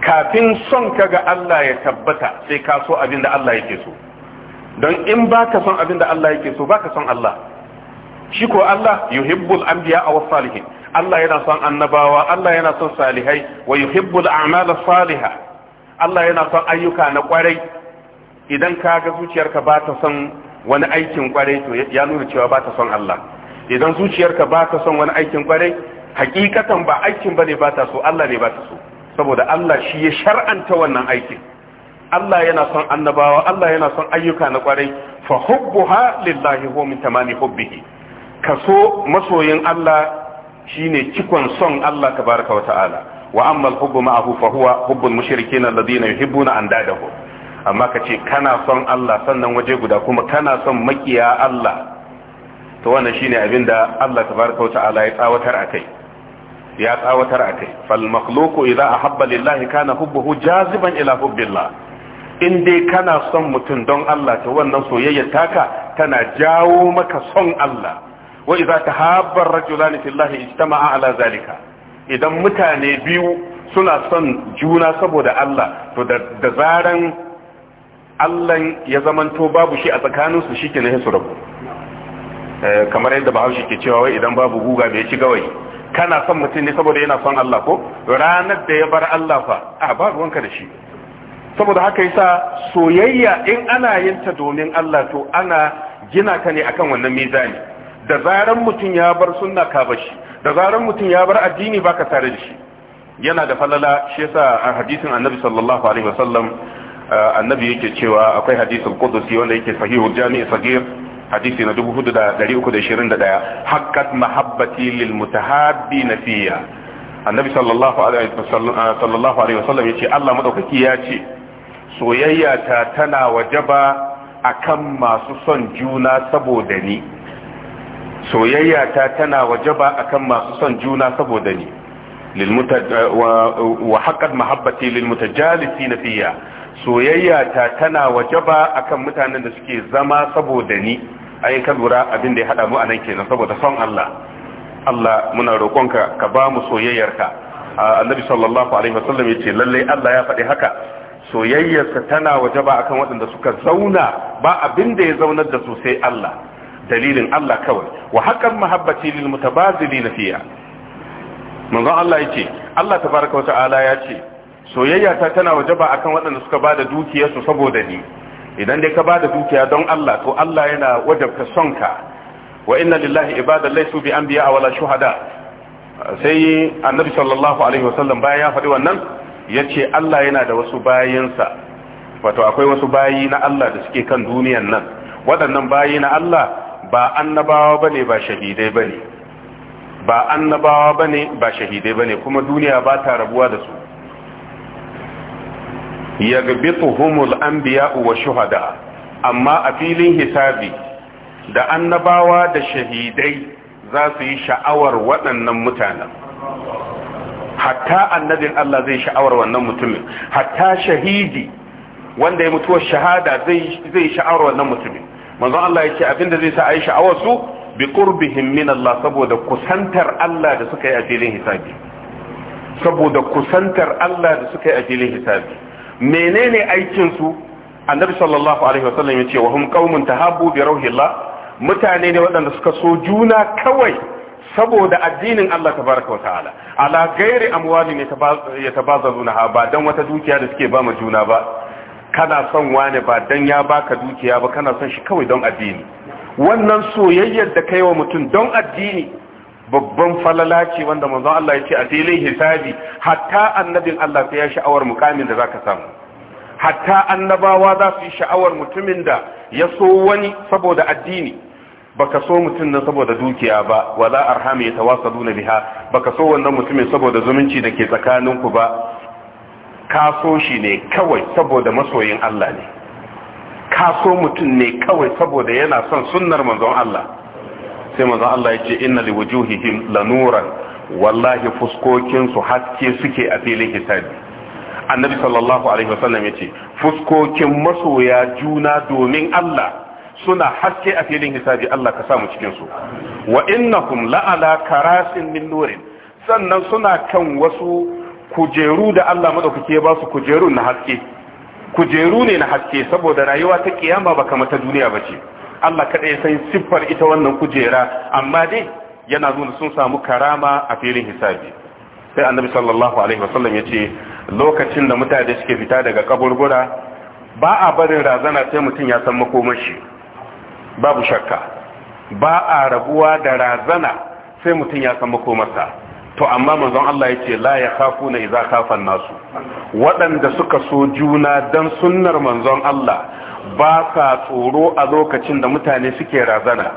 kafin son ka ga Allah ya tabbata sai ka so abin da Allah yake so don in baka son abin da Allah yake so baka son Allah shi ko Allah yuhibbul anbiya aw salihin Allah yana son annabawa Allah yana son salihai wa yuhibbul a'mal salihah Allah yana son ayyuka na kwarai idan ka ga zuciyarka ba ta son wani aikin kwarai to ya nuna cewa ba ta son Allah idan zuciyarka ba ta son wani aikin kwarai hakikatan ba aikin bane ba ta so Allah ne ba ta so saboda Allah shi ya shar'anta wannan aikin Allah yana son annabawa Allah yana son ayyuka na kwarai fa hubbuha lillahi huwa min tamami hubbihi kaso masoyin Allah shine cikon son Allah tabaraka ala. wa amma al-hubbu ma'ahu fa huwa hubbul mushrikeen alladhina yuhibbuna andadahu amma kace kana son Allah sannan waje guda kuma kana son makiya Allah to wannan shine abin da Allah tabaraka wata'ala ya tsawatar akai ya tsawatar akai fal makhluqu idza ahabba lillahi kana hubbuhu jaziban ila hubbillah in dai kana son mutum don Allah ta wannan soyayya taka tana jawo maka son Allah wa idza tahabba ar-rajulani fillahi ijtama'a ala zalika idan mutane biyu suna son juna saboda Allah to da zaran Allah ya zamanto babu shi a tsakaninsu shi ke na su rabu eh, kamar yadda bahaushe ke cewa wai idan babu guga bai ci gawai kana son mutum ne saboda yana son Allah ko ranar da ya bar Allah fa a ba ruwanka da shi saboda haka yasa soyayya in ana yin ta domin Allah to ana gina ka ne akan wannan mizani da zaran mutum ya bar sunna ka bashi da zaran mutum ya bar addini baka tare da shi yana da falala shi yasa a hadisin annabi sallallahu alaihi wasallam annabi yake cewa akwai hadisul qudusi wanda yake sahihul jami' sagir hadisi na 4321 haqqat mahabbati lil mutahabbin fiya annabi sallallahu alaihi wasallam sallallahu alaihi wasallam yace Allah madaukaki ya ce soyayya ta tana wajaba akan masu son juna saboda ni soyayya ta tana wajaba akan masu son juna saboda ni wa haƙar mahabbati lilmutajalisi na fiya soyayya ta tana wajaba akan mutanen da suke zama saboda ni ayin ka lura abin da ya haɗa mu a nan kenan saboda son Allah Allah muna roƙonka ka ba mu soyayyarka annabi sallallahu alaihi wasallam ce lalle Allah ya faɗi haka soyayyarsa tana wajaba akan waɗanda suka zauna ba abin da ya zaunar da su sai Allah dalilin Allah kawai wa haqqan mahabbati lil mutabazilina fiha manzon Allah yace Allah ta baraka wa ta'ala ce. soyayya ta tana wajaba akan waɗanda suka ba da dukiyarsu saboda ni idan dai ka bada dukiya don Allah to Allah yana wajabta ka. wa inna lillahi ibadan laysu bi anbiya wala shuhada sai annabi sallallahu alaihi wasallam bayan ya faɗi wannan yace Allah yana da wasu bayinsa wato akwai wasu bayi na Allah da suke kan duniyan nan waɗannan bayi na Allah ba annabawa bane ba shahidai bane ba annabawa bane ba shahidai bane kuma duniya ba ta rabuwa da su yagbituhumul anbiya'u wa shuhada amma a filin hisabi da annabawa da shahidai za su yi sha'awar waɗannan mutanen hatta annabin Allah zai sha'awar wannan mutumin hatta shahidi wanda ya mutuwar shahada zai sha'awar wannan mutumin manzo Allah yake abinda zai sa Aisha su bi qurbihim min Allah saboda kusantar Allah da suka yi a filin hisabi saboda kusantar Allah da suka yi a filin hisabi menene aikin su annabi sallallahu alaihi wasallam yace wa hum qaumun tahabbu bi rauhillah mutane ne waɗanda suka so juna kawai saboda addinin Allah tabaraka wa ta'ala ala gairi amwali ne ya tabazaluna ba dan wata dukiya da suke ba ma juna ba kana son wane ba dan ya baka dukiya ba kana son shi kawai don addini wannan soyayyar da kai wa mutum don addini babban falala ce wanda manzon Allah ya ce a filin hisabi hatta annabin Allah sai ya sha'awar mukamin da zaka samu hatta annabawa za su yi sha'awar mutumin da ya so wani saboda addini baka so mutum na saboda dukiya ba wala arhami yatawasaluna biha baka so wannan mutumin saboda zumunci da ke tsakaninku ba ka shi ne kawai saboda masoyin Allah ne ka mutum ne kawai saboda yana son sunnar manzon Allah sai manzon Allah ya ce inna li wujuhihim lanuran wallahi fuskokin su haske suke a filin hisabi annabi sallallahu alaihi wasallam ya ce fuskokin masoya juna domin Allah suna haske a filin hisabi Allah ka samu cikin su wa innakum la'ala karasin min nurin sannan suna kan wasu kujeru da Allah madaukake ya ba su kujeru na haske kujeru ne na haske saboda rayuwa ta kiyama ba kamar ta duniya ba ce Allah kada ya san siffar ita wannan kujera amma dai yana nuna sun samu karama a filin hisabi sai annabi sallallahu alaihi wasallam yace lokacin da mutane suke fita daga kaburbura ba a barin razana sai mutum ya san makomar shi babu shakka ba a rabuwa da razana sai mutum ya san makomarsa to amma manzon Allah yace la ya kafu na idza kafan nasu waɗanda suka so juna dan sunnar manzon Allah ba sa tsoro a lokacin da mutane suke razana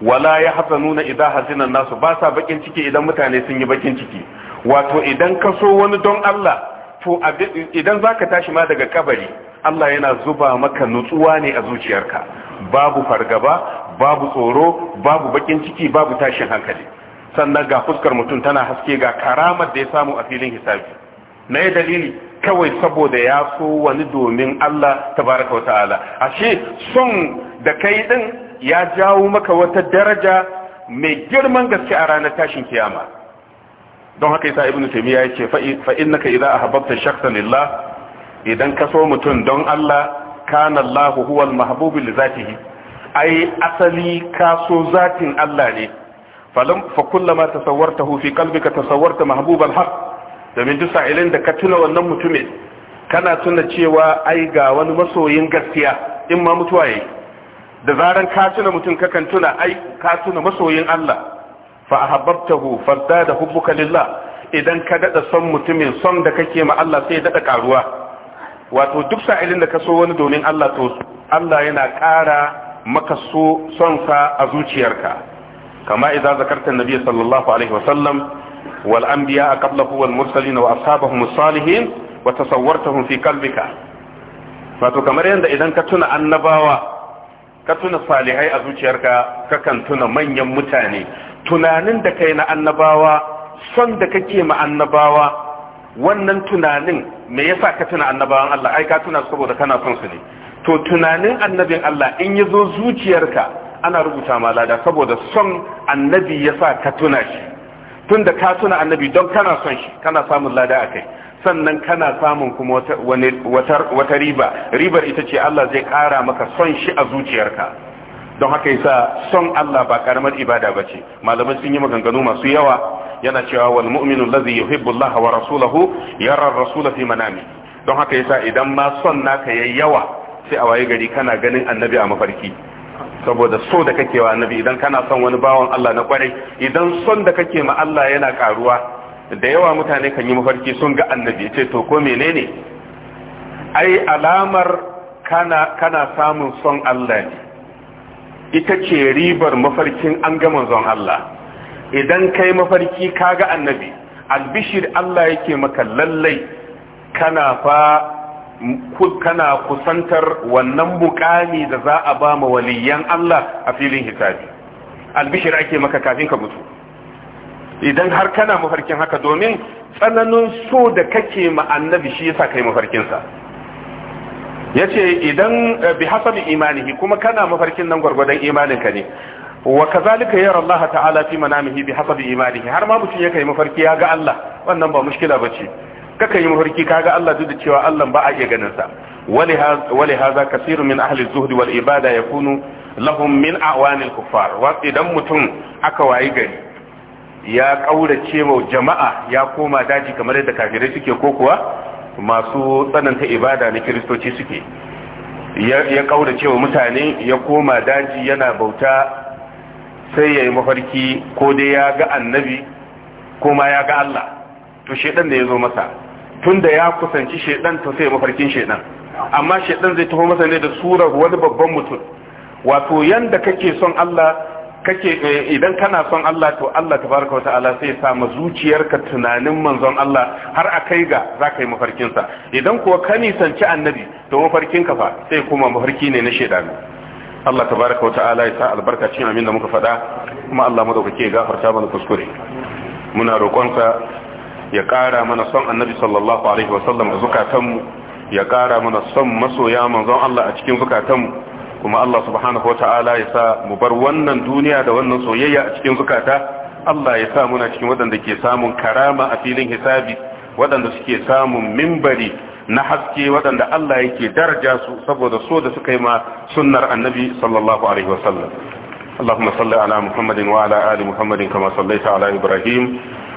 wala ya nuna idza hazina nasu ba sa bakin ciki idan mutane sun yi bakin ciki wato idan ka so wani don Allah to idan zaka tashi ma daga kabari Allah yana zuba maka nutsuwa ne a zuciyarka babu fargaba babu tsoro babu bakin ciki babu tashin hankali sannan ga fuskar mutum tana haske ga karamar da ya samu a filin hisabi na yi dalili kawai saboda ya so wani domin Allah tabaraka wata'ala ashe son da kai din ya jawo maka wata daraja mai girman gaske a ranar tashin kiyama don haka yasa ibnu taymiya yace fa innaka idza ahabbta shakhsan lillah idan ka so mutum don Allah kana Allah huwal mahbubu li zatihi ai asali ka so zatin Allah ne falam fa kullama tasawwartahu fi qalbika tasawwarta mahbubal haq domin duk sa'ilin da ka tuna wannan mutumin kana tuna cewa ai ga wani masoyin gaskiya in ma mutuwa yayi da zaran ka tuna mutum ka kan tuna ai ka tuna masoyin Allah fa ahabbtahu fadda da hubbuka lillah idan ka dada son mutumin son da kake ma Allah sai dada karuwa wato duk sa'ilin da ka so wani domin Allah to Allah yana ƙara maka so son sa a zuciyarka kama idza zakarta nabi sallallahu alaihi wasallam wal anbiya qablahu wal mursalin wa ashabahum salihin wa tasawwartahum fi qalbika wato kamar yadda idan ka tuna annabawa ka tuna salihai a zuciyarka ka kan tuna manyan mutane tunanin da kai na annabawa son da kake ma annabawa wannan tunanin me yasa ka tuna annabawan Allah ai ka tuna saboda kana son su ne to tunanin annabin Allah in ya zo zuciyarka ana rubuta ma lada saboda son annabi ya sa ka tuna shi tun da ka tuna annabi don kana son shi kana samun lada a kai sannan kana samun kuma wata riba ribar ita ce Allah zai kara maka son shi a zuciyarka don haka yasa son Allah ba karamar ibada ba ce malamai sun yi maganganu masu yawa yana cewa wal mu'minu allazi yuhibbu Allah wa rasulahu yara ar-rasula fi manami don haka yasa idan ma son naka yayi yawa sai a waye gari kana ganin annabi a mafarki saboda so da kake wa annabi idan kana son wani bawan Allah na kwarai idan son da kake ma Allah yana karuwa da yawa mutane kan yi mafarki sun ga annabi ce to ko menene ai alamar kana kana samun son Allah ne ita ce ribar mafarkin an ga manzon Allah idan kai mafarki ka ga annabi albishir Allah yake maka lallai kana fa kana kusantar wannan mukami da za a ba ma waliyan Allah a filin hisabi albishir ake maka kafin ka mutu idan har kana mafarkin haka domin tsananin so da kake ma annabi shi yasa kai mafarkinsa ya ce idan eh, bi hasabi imanihi kuma kana mafarkin nan gwargwadon imaninka ne wa kazalika yara Allah ta'ala fi manamihi bi hasabi imanihi har ma mutum ya kai mafarki ya ga Allah wannan ba mushkila bace kaka yi mafarki kaga Allah duk da cewa Allah ba a iya ganin sa wali haza kasirun min ahli zuhdi wal ibada yakunu lahum min awanil kufar wa idan mutum aka wayi gari ya kaurace wa jama'a ya koma daji kamar yadda kafirai suke ko kuwa masu tsananta ibada na kiristoci suke ya kaurace wa mutane ya koma daji yana bauta sai ya yi mafarki ko dai ya ga annabi ko ma ya ga Allah to shedan da ya zo masa tunda ya kusanci shaiɗan, to sai mafarkin shaiɗan. amma shedan zai taho masa ne da surar wani babban mutum wato yanda kake son Allah kake eh, idan kana son Allah to Allah tabaraka wata'ala sai ya sa ma zuciyarka tunanin manzon Allah har a kai ga za ka yi mafarkinsa idan kuwa ka nisanci annabi to mafarkinka fa sai kuma mafarki ne na shedanu Allah tabaraka wata'ala ya sa albarka cikin amin da muka faɗa kuma Allah madaukake ya gafarta mana kuskure muna roƙonsa ya ƙara mana son annabi sallallahu alaihi wasallam a zukatanmu ya ƙara mana son masoya manzon Allah a cikin zukatanmu kuma Allah subhanahu wa ta'ala ya sa mu bar wannan duniya da wannan soyayya a cikin zukata Allah ya sa muna cikin waɗanda ke samun karama a filin hisabi waɗanda suke samun mimbari na haske waɗanda Allah yake daraja su saboda so da suka yi ma sunnar annabi sallallahu alaihi wasallam اللهم صل على محمد وعلى آل محمد كما صليت على إبراهيم